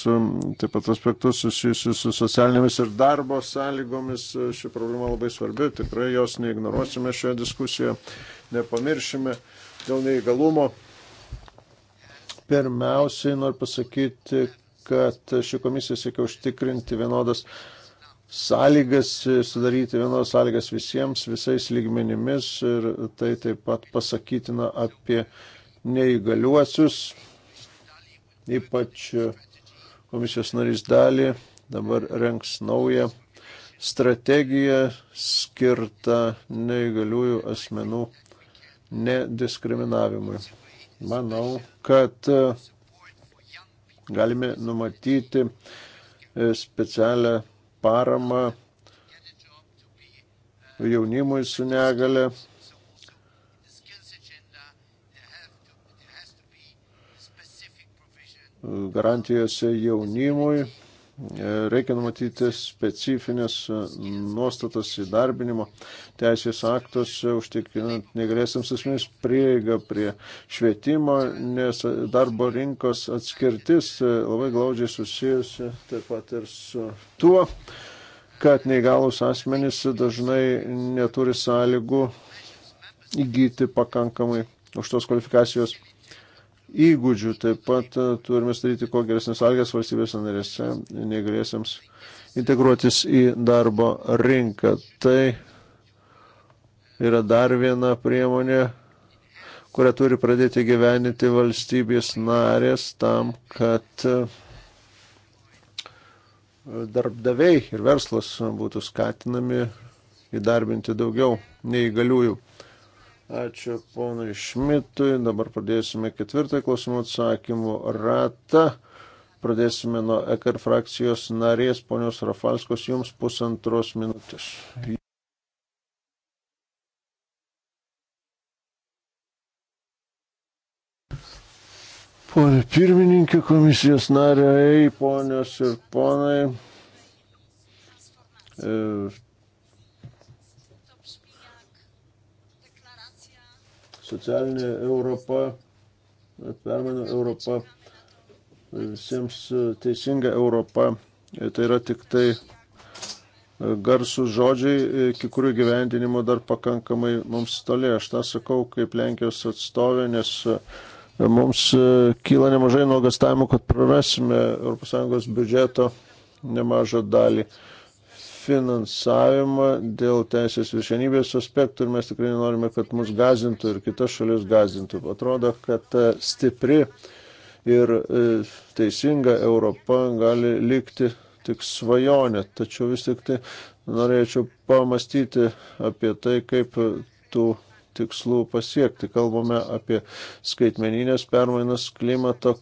taip pat aspektus susijusius su socialinėmis ir darbo sąlygomis. Ši problema labai svarbi, tikrai jos neignoruosime šioje diskusijoje, nepamiršime dėl neįgalumo pirmiausiai noriu pasakyti, kad ši komisija siekia užtikrinti vienodas sąlygas, sudaryti vienodas sąlygas visiems, visais lygmenimis ir tai taip pat pasakytina apie neįgaliuosius, ypač komisijos narys dalį dabar renks naują strategiją skirtą neįgaliųjų asmenų nediskriminavimui. Manau, kad uh, Galime numatyti e, specialią paramą jaunimui su negale. Garantijose jaunimui E, reikia numatyti specifines e, nuostatas įdarbinimo teisės aktuose, užtikrinant negalėsiams asmenys prieigą prie švietimo, nes darbo rinkos atskirtis e, labai glaudžiai susijusi taip pat ir su tuo, kad neįgalus asmenys dažnai neturi sąlygų įgyti pakankamai aukštos kvalifikacijos įgūdžių. Taip pat e, turime sudaryti kuo geresnės sąlygas valstybės narėse negalėsiams integruotis į darbo rinką. Tai yra dar viena priemonė, kurią turi pradėti gyveninti valstybės narės tam, kad e, darbdaviai ir verslas būtų skatinami įdarbinti daugiau neįgaliųjų. Ačiū ponui Šmitui. Dabar pradėsime ketvirtąjį klausimų atsakymų ratą. Pradėsime nuo EKR frakcijos narės ponios Rafalskos. Jums pusantros minutės. Pone pirmininkė, komisijos nariai, ponios ir ponai, e, socialinė Europa, permainų Europa, visiems e, teisinga Europa. E, tai yra tik tai e, garsų žodžiai, iki kurių gyvendinimo dar pakankamai mums toli. Aš tą sakau kaip Lenkijos atstovė, nes mums kyla nemažai nuogastavimų, kad prarasime ES biudžeto nemažą dalį finansavimą dėl teisės viršenybės aspektų ir mes tikrai norime, kad mus gazintų ir kitas šalis gazintų. Atrodo, kad e, stipri ir e, teisinga Europa gali likti tik svajonė, tačiau vis tik tai norėčiau pamastyti apie tai, kaip tų tikslų pasiekti. Kalbame apie skaitmeninės permainas, klimato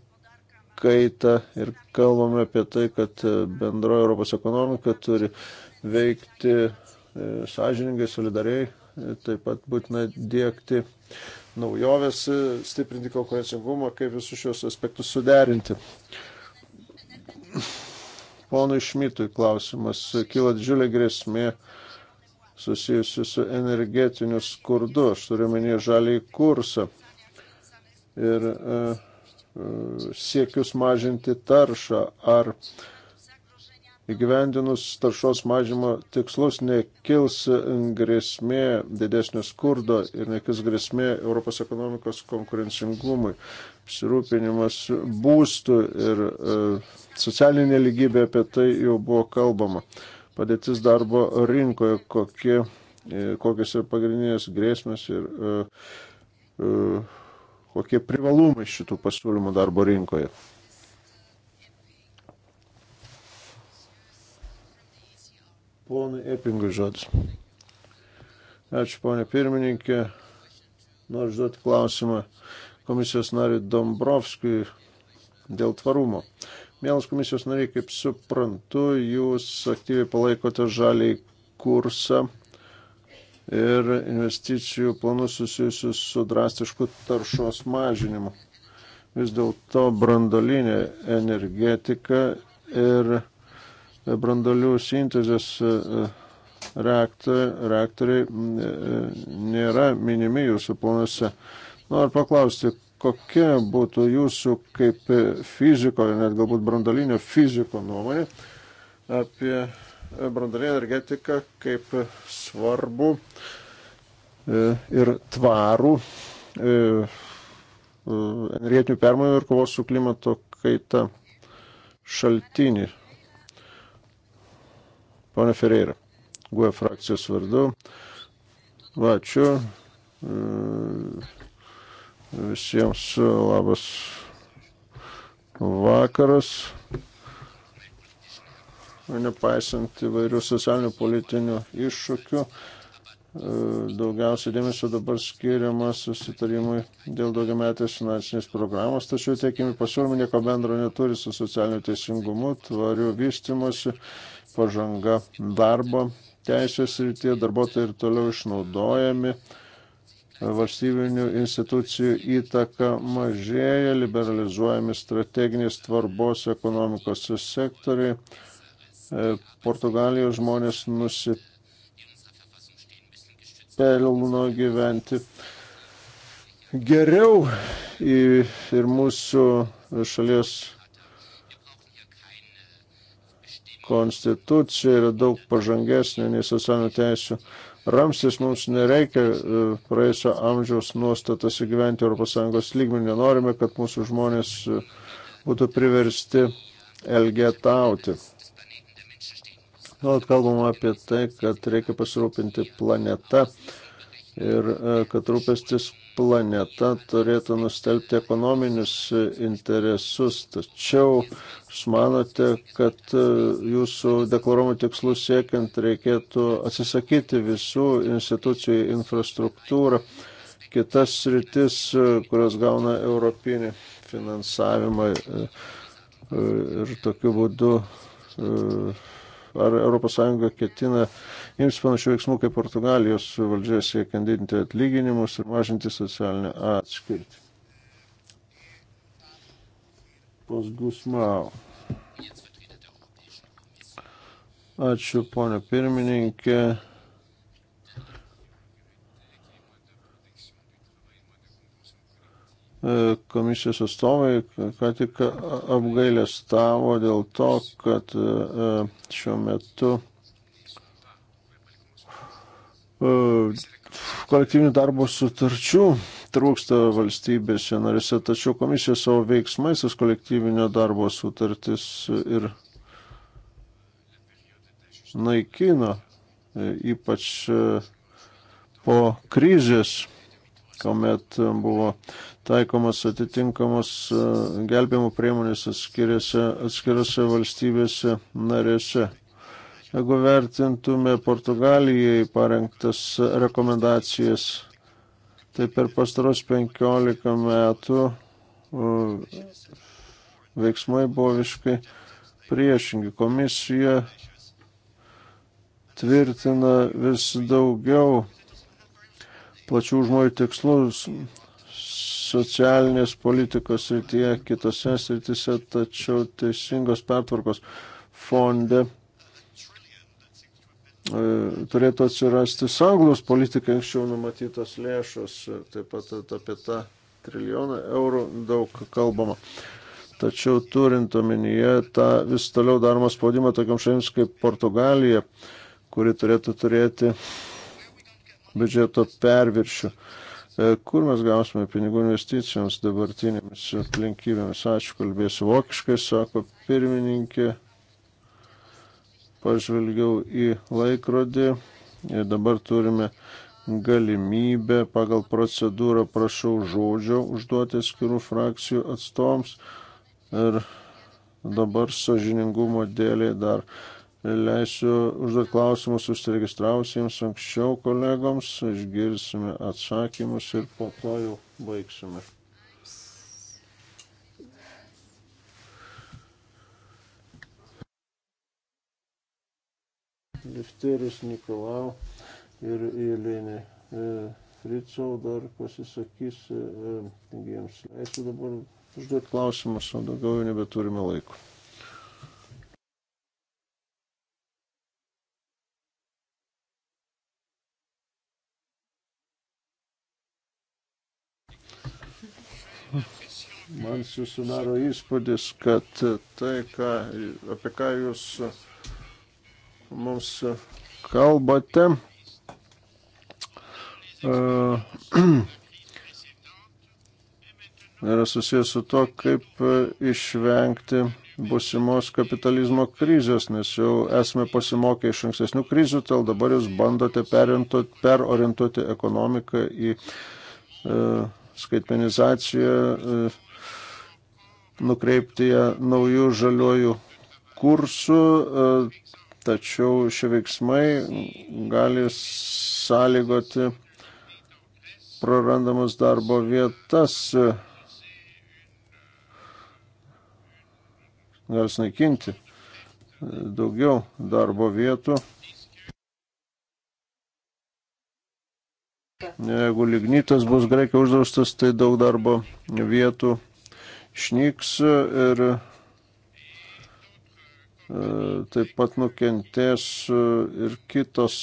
kaitą ir kalbame apie tai, kad e, bendroji Europos ekonomika turi veikti e, sąžiningai, solidariai, e, taip pat būtina dėkti naujoves, e, stiprinti konkurencingumą, kaip visus šios aspektus suderinti. Ponui Šmitui klausimas. Kila didžiulė grėsmė susijusi su energetiniu skurdu, aš turiu menį žalį kursą. Ir uh, uh, siekius mažinti taršą ar uh, įgyvendinus taršos mažymo tikslus nekils grėsmė didesnio skurdo ir nekils grėsmė Europos ekonomikos konkurencingumui. Apsirūpinimas būstų ir e, socialinė lygybė apie tai jau buvo kalbama. Padėtis darbo rinkoje, kokie, e, kokios yra pagrindinės grėsmės ir e, e, kokie privalumai šitų pasiūlymų darbo rinkoje. Ponui Epingui žodis. Ačiū, ponė pirmininkė. Noriu užduoti klausimą komisijos nariui Dombrovskui dėl tvarumo. Mielas komisijos nariai, kaip suprantu, jūs aktyviai palaikote žaliai kursą ir investicijų planus susijusius su drastišku taršos mažinimu. Vis dėlto brandolinė energetika ir brandolių sintezės e, e, reaktoriai e, nėra minimi jūsų planuose. Noriu paklausti, kokia būtų jūsų kaip fiziko ir net galbūt brandolinio fiziko nuomonė apie brandolinę energetiką kaip svarbu ir tvarų energetinių permainų ir kovos su klimato kaita šaltinį. Pone Ferreira, GUE frakcijos vardu. Va, ačiū. E, visiems labas vakaras. Nepaisant įvairių socialinių politinių iššūkių, e, daugiausia dėmesio dabar skiriama susitarimui dėl daugiametės finansinės programos, tačiau teikiami pasiūlymai nieko bendro neturi su socialiniu teisingumu, tvariu vystimuose pažanga darbo teisės rytie, darbuotojai ir toliau išnaudojami, valstybinių institucijų įtaka mažėja, liberalizuojami strateginės tvarbos ekonomikos sektoriai, e, Portugalijos žmonės nusipelno gyventi geriau ir mūsų šalies konstitucija yra daug pažangesnė nei socialinių teisų. Ramstis mums nereikia e, praėjusio amžiaus nuostatas įgyventi ES lygmenį. Norime, kad mūsų žmonės e, būtų priversti elgetauti. Nuolat kalbama apie tai, kad reikia pasirūpinti planeta ir e, kad rūpestis planeta turėtų nustelbti ekonominius interesus, tačiau jūs manote, kad e, jūsų deklaruomų tikslų siekiant reikėtų atsisakyti visų institucijų infrastruktūrą, kitas rytis, e, kurios gauna europinį finansavimą e, ir tokiu būdu ar ES ketina imtis panašių veiksmų kaip Portugalijos valdžia siekiant didinti atlyginimus ir mažinti socialinę atskirtį. Pos Gusmau. Ačiū, ponia pirmininkė. E, komisijos atstovai ką tik apgailę stavo dėl to, kad e, šiuo metu E, kolektyvinių darbo sutarčių trūksta valstybėse narėse, tačiau komisija savo veiksmais tas kolektyvinio darbo sutartis ir naikino, e, ypač e, po krizės, kuomet buvo taikomas atitinkamas gelbėjimo priemonės atskiriose, atskiriose valstybėse narėse. Jeigu vertintume Portugalijai parengtas rekomendacijas, tai per pastaros 15 metų veiksmai buvo visiškai priešingi. Komisija tvirtina vis daugiau plačių žmonių tikslus socialinės politikos srityje, kitose srityse, tačiau teisingos pertvarkos fonde E, turėtų atsirasti sauglos politikai anksčiau numatytos lėšos, e, taip pat apie tą trilijoną eurų daug kalbama. Tačiau turint omenyje tą vis toliau daromą spaudimą tokiam šalims kaip Portugalija, kuri turėtų turėti biudžeto perviršių. E, kur mes gausime pinigų investicijoms dabartinėmis aplinkybėmis? Ačiū, kalbėsiu vokiškai, sako pirmininkė pažvelgiau į laikrodį ir dabar turime galimybę pagal procedūrą prašau žodžio užduoti skirų frakcijų atstovams ir dabar sažiningumo dėliai dar leisiu užduoti klausimus užsiregistravusiems anksčiau kolegoms, išgirsime atsakymus ir po to jau baigsime. Lifteris Nikolau ir Jelinė e, Fricau dar pasisakys, e, e, taigi jiems leisiu dabar užduoti klausimus, o daugiau jau nebeturime laiko. man susidaro įspūdis, kad tai, ką, apie ką jūs mums kalbate. E, yra susijęs su to, kaip išvengti busimos kapitalizmo krizės, nes jau esame pasimokę iš ankstesnių krizių, tol dabar jūs bandote perorientuoti ekonomiką į e, skaitmenizaciją, e, nukreipti ją naujų žaliojų kursų, e, tačiau šie veiksmai gali sąlygoti prarandamas darbo vietas, gali sunaikinti daugiau darbo vietų. Jeigu lignitas bus greikiai uždraustas, tai daug darbo vietų išnyks ir E, taip pat nukentės e, ir kitos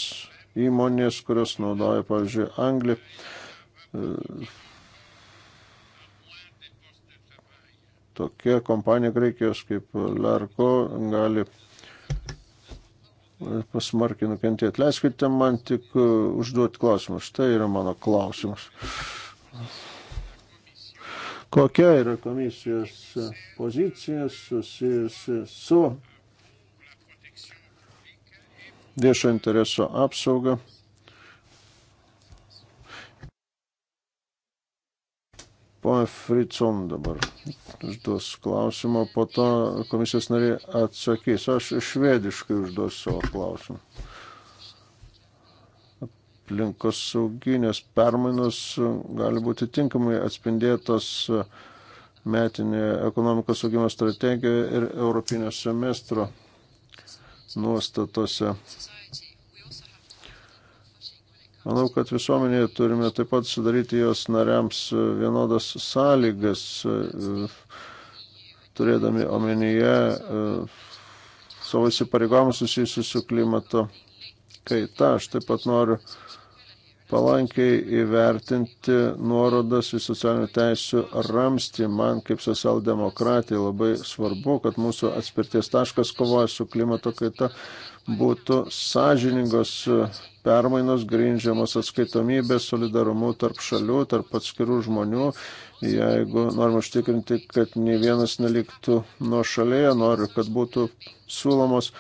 įmonės, kurios naudoja, pavyzdžiui, Anglį. E, tokia kompanija Graikijos kaip Larko gali pasmarkiai nukentėti. Leiskite man tik užduoti klausimą. Štai yra mano klausimas. Kokia yra komisijos pozicija susijusi su viešo intereso apsaugą. Pone Fritson dabar užduos klausimą, po to komisijos nariai atsakys. Aš švediškai užduosiu savo klausimą. Aplinkos sauginės permainos gali būti tinkamai atspindėtos metinėje ekonomikos saugimo strategijoje ir Europinio semestro nuostatose. Manau, kad visuomenėje turime taip pat sudaryti jos nariams vienodas sąlygas, turėdami omenyje e, savo įsipareigojimus susijusius su klimato kaita. Aš taip pat noriu palankiai įvertinti nuorodas į socialinių teisų ramstį. Man kaip socialdemokratai labai svarbu, kad mūsų atspirties taškas kovoja su klimato kaita būtų sąžiningos permainos grindžiamos atskaitomybės, solidarumu tarp šalių, tarp atskirų žmonių. Jeigu norime užtikrinti, kad ne vienas neliktų nuo šalia, noriu, kad būtų siūlomos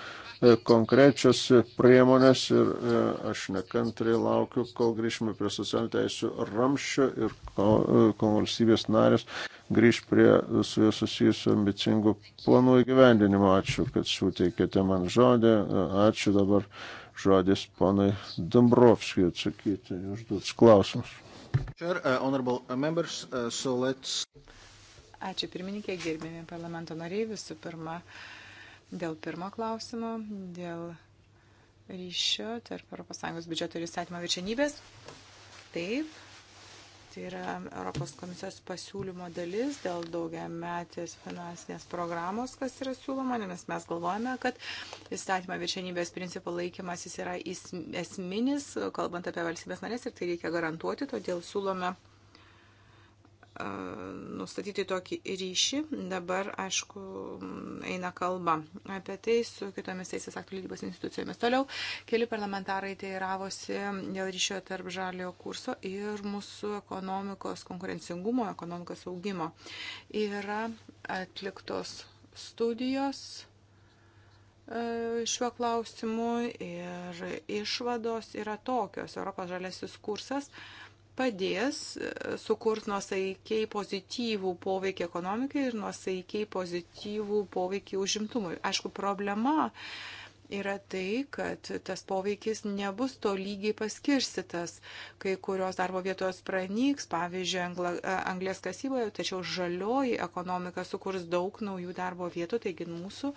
E, konkrečios priemonės ir e, aš nekantriai laukiu, kol grįžime prie socialinių teisų ramščio ir kol, e, kol valstybės narės grįž prie su juo susijusiu ambicingų planų įgyvendinimo. Ačiū, kad suteikėte man žodį. Ačiū dabar žodis ponai Dombrovskijui atsakyti užduotus klausimus. Sure, uh, uh, members, uh, so let's... Ačiū pirmininkė, gerbėmi parlamento nariai. Visų pirma, uh, Dėl pirmo klausimo, dėl ryšio tarp ES biudžeto ir įstatymo viršenybės. Taip, tai yra Europos komisijos pasiūlymo dalis dėl daugiametės finansinės programos, kas yra siūloma, nes mes galvojame, kad įstatymo viršenybės principų laikymas jis yra esminis, kalbant apie valstybės narės ir tai reikia garantuoti, todėl siūlome nustatyti tokį ryšį. Dabar, aišku, eina kalba apie tai su kitomis teisės aktų lygybos institucijomis. Toliau keli parlamentarai teiravosi dėl ryšio tarp žaliojo kurso ir mūsų ekonomikos konkurencingumo, ekonomikos augimo. Yra atliktos studijos e, šiuo klausimu ir išvados yra tokios. Europos žalėsis kursas padės e, sukurs nuosaikiai pozityvų poveikį ekonomikai ir nuosaikiai pozityvų poveikį užimtumui. Aišku, problema yra tai, kad tas poveikis nebus to lygiai paskirstytas. Kai kurios darbo vietos pranyks, pavyzdžiui, angla, anglės kasyboje, tačiau žalioji ekonomika sukurs daug naujų darbo vietų, taigi mūsų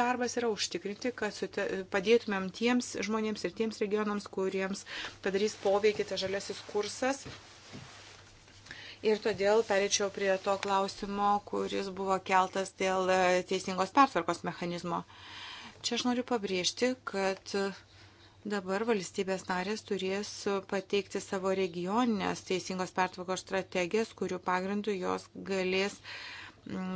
darbas yra užtikrinti, kad sute, padėtumėm tiems žmonėms ir tiems regionams, kuriems padarys poveikį tas žaliasis kursas. Ir todėl perėčiau prie to klausimo, kuris buvo keltas dėl e, teisingos pertvarkos mechanizmo. Uh, Čia aš noriu pabrėžti, kad Dabar valstybės narės turės pateikti savo regioninės teisingos pertvarkos strategijas, kurių pagrindų jos galės uh,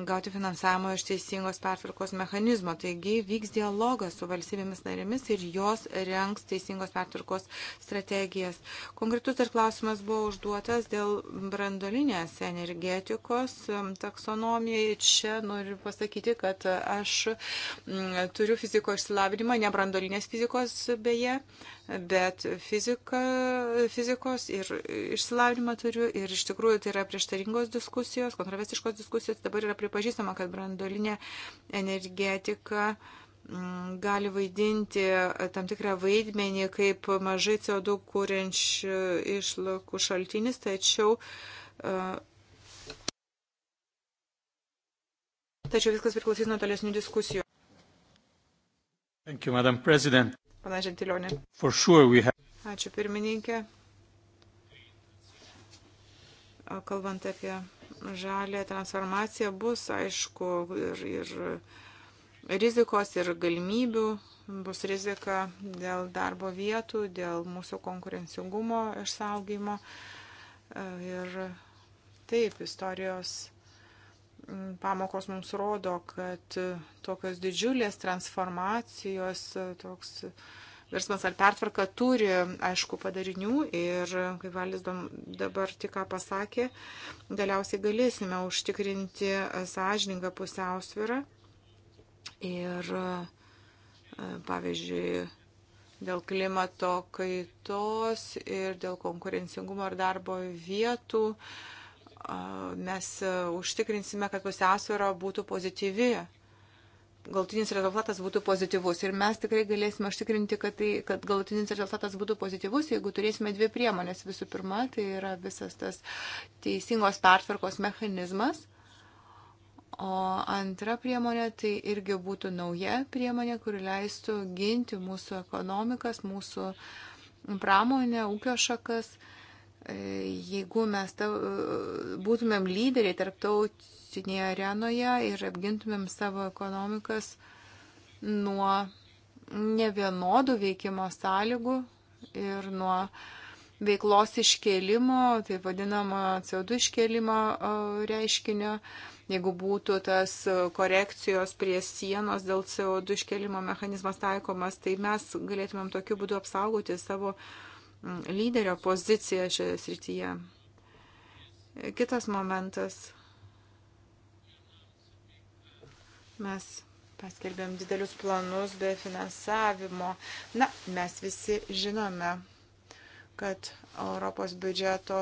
gauti finansavimo iš teisingos pertvarkos mechanizmo. Taigi vyks dialogas su valstybėmis narėmis ir jos renks teisingos pertvarkos strategijas. Konkretus dar klausimas buvo užduotas dėl brandolinės energetikos um, taksonomijai. Čia noriu pasakyti, kad aš mm, turiu fiziko išsilavinimą, ne brandolinės fizikos beje bet fizika, fizikos ir išsilavinimą turiu ir iš tikrųjų tai yra prieštaringos diskusijos, kontroversiškos diskusijos. Dabar yra pripažįstama, kad brandolinė energetika mm, gali vaidinti tam tikrą vaidmenį kaip mažai CO2 kūrenčių išlakų šaltinis, tačiau e, Tačiau viskas priklausys nuo tolesnių diskusijų. Thank you, Madam President. Pana Žentilionė. Sure have... Ačiū pirmininkė. Kalbant apie žalę transformaciją, bus aišku ir, ir rizikos, ir galimybių. Bus rizika dėl darbo vietų, dėl mūsų konkurencingumo išsaugimo. E, ir taip, istorijos pamokos mums rodo, kad tokios didžiulės transformacijos, toks versmas ar pertvarka turi, aišku, padarinių ir, kaip Valis dabar tik ką pasakė, galiausiai galėsime užtikrinti sąžiningą pusiausvyrą ir, pavyzdžiui, dėl klimato kaitos ir dėl konkurencingumo ir darbo vietų. Uh, mes e, užtikrinsime, kad pusiausvėra būtų pozityvi, galutinis rezultatas būtų pozityvus. Ir mes tikrai galėsime užtikrinti, kad, tai, kad galutinis rezultatas būtų pozityvus, jeigu turėsime dvi priemonės. Visų pirma, tai yra visas tas teisingos pertvarkos mechanizmas. O antra priemonė tai irgi būtų nauja priemonė, kuri leistų ginti mūsų ekonomikas, mūsų pramonę, ūkio šakas. Uh, E, jeigu mes ta, e, būtumėm lyderiai tarptautinėje arenoje ir apgintumėm savo ekonomikas nuo nevienodų veikimo sąlygų ir nuo veiklos iškelimo, tai vadinamo CO2 iškelimo e, reiškinio, jeigu būtų tas korekcijos prie sienos dėl CO2 iškelimo mechanizmas taikomas, tai mes galėtumėm tokiu būdu apsaugoti savo uh, lyderio poziciją šioje srityje. Kitas momentas. Mes paskelbėm didelius planus be finansavimo. Na, mes visi žinome, kad Europos biudžeto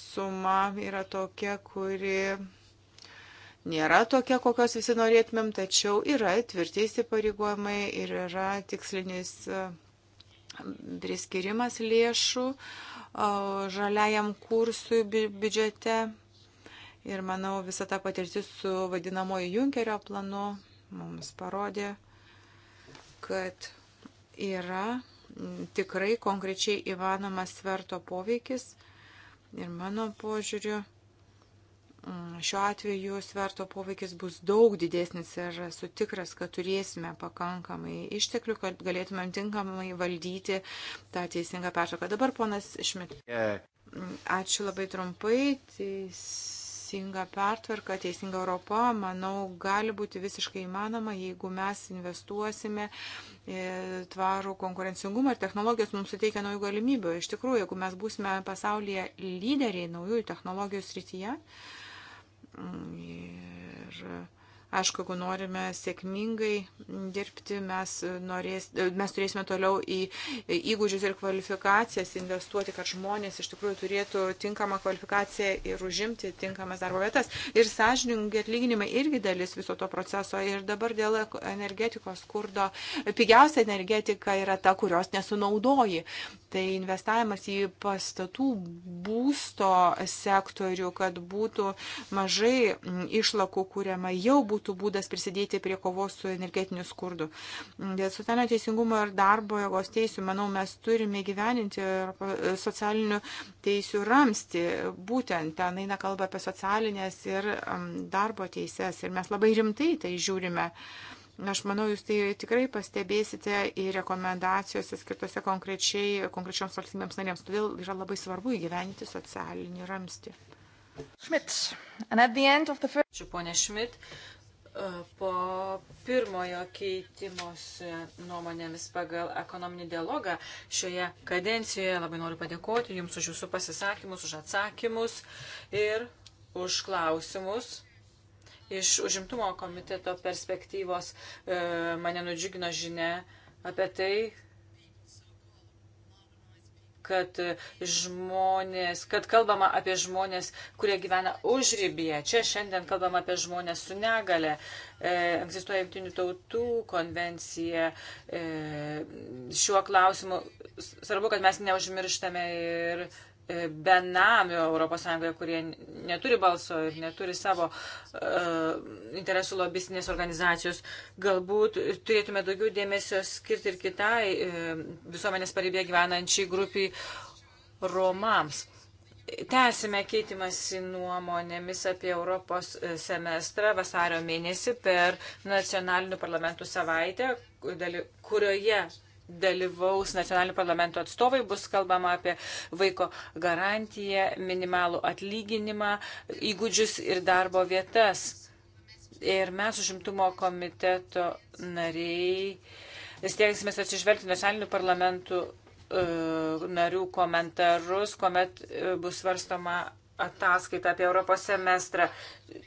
suma yra tokia, kuri nėra tokia, kokios visi norėtumėm, tačiau yra tvirti įsipareigojimai ir yra tikslinis priskirimas lėšų žaliajam kursui biudžete. Ir manau, visa ta patirtis su vadinamoju Junkerio planu mums parodė, kad yra tikrai konkrečiai įmanomas sverto poveikis. Ir mano požiūriu, Mm, šiuo atveju sverto poveikis bus daug didesnis ir esu tikras, kad turėsime pakankamai išteklių, kad galėtumėm tinkamai valdyti tą teisingą peršoką. Dabar ponas Šmit. Mm, ačiū labai trumpai. Teisinga pertvarka, teisinga Europa, manau, gali būti visiškai įmanoma, jeigu mes investuosime tvarų konkurencingumą ir technologijos mums suteikia naujų galimybių. Iš tikrųjų, jeigu mes būsime pasaulyje lyderiai naujųjų technologijų srityje, Mm, ir Aišku, jeigu norime sėkmingai dirbti, mes, norės, mes turėsime toliau į įgūdžius ir kvalifikacijas investuoti, kad žmonės iš tikrųjų turėtų tinkamą kvalifikaciją ir užimti tinkamas darbo vietas. Ir sąžininkai atlyginimai irgi dalis viso to proceso. Ir dabar dėl energetikos skurdo pigiausia energetika yra ta, kurios nesunaudoji. Tai investavimas į pastatų būsto sektorių, kad būtų mažai išlakų kuriama jau būtų būtų būdas prisidėti prie kovos su energetiniu skurdu. Dėl socialinio teisingumo ir darbo jėgos teisų, manau, mes turime gyveninti socialinių teisų ramsti. Būtent ten eina kalba apie socialinės ir darbo teises. Ir mes labai rimtai tai žiūrime. Aš manau, jūs tai tikrai pastebėsite ir rekomendacijose skirtose konkrečiai, konkrečioms valstybėms narėms. Todėl yra labai svarbu įgyveninti socialinį ramstį. Šmit. The... Ačiū, ponė Šmit po pirmojo keitimosi nuomonėmis pagal ekonominį dialogą šioje kadencijoje. Labai noriu padėkoti Jums už Jūsų pasisakymus, už atsakymus ir už klausimus. Iš užimtumo komiteto perspektyvos e, mane nudžiugino žinia apie tai, kad žmonės, kad kalbama apie žmonės, kurie gyvena užrybėje. Čia šiandien kalbama apie žmonės su negale. E, egzistuoja Junktinių tautų konvencija e, šiuo klausimu. Svarbu, kad mes neužmirštame ir E, benamių ES, kurie neturi balso ir neturi savo uh, interesų lobistinės organizacijos. Galbūt turėtume daugiau dėmesio skirti ir kitai uh, visuomenės paribėje gyvenančiai grupiai Romams. Tęsime keitimąsi nuomonėmis apie Europos semestrą vasario mėnesį per nacionalinių parlamentų savaitę, kurioje dalyvaus nacionalinių parlamento atstovai, bus kalbama apie vaiko garantiją, minimalų atlyginimą, įgūdžius ir darbo vietas. Ir mes užimtumo komiteto nariai stengsime atsižvelgti nacionalinių parlamentų uh, narių komentarus, kuomet e, bus svarstoma ataskaita apie Europos semestrą.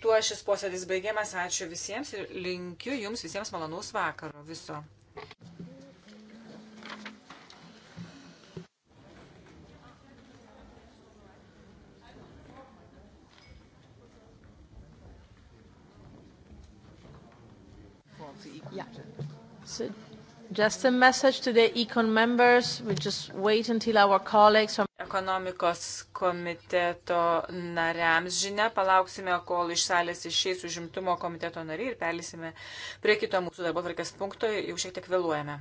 Tuo šis posėdis baigiamas. Ačiū visiems ir linkiu jums visiems malonaus vakaro viso. Yeah. So just a message to the econ members. We just wait until our colleagues from Ekonomikos komiteto nariams žinia, palauksime, kol iš salės išeis užimtumo komiteto nariai ir perlysime prie kito mūsų darbo tvarkės punkto, jau šiek tiek vėluojame.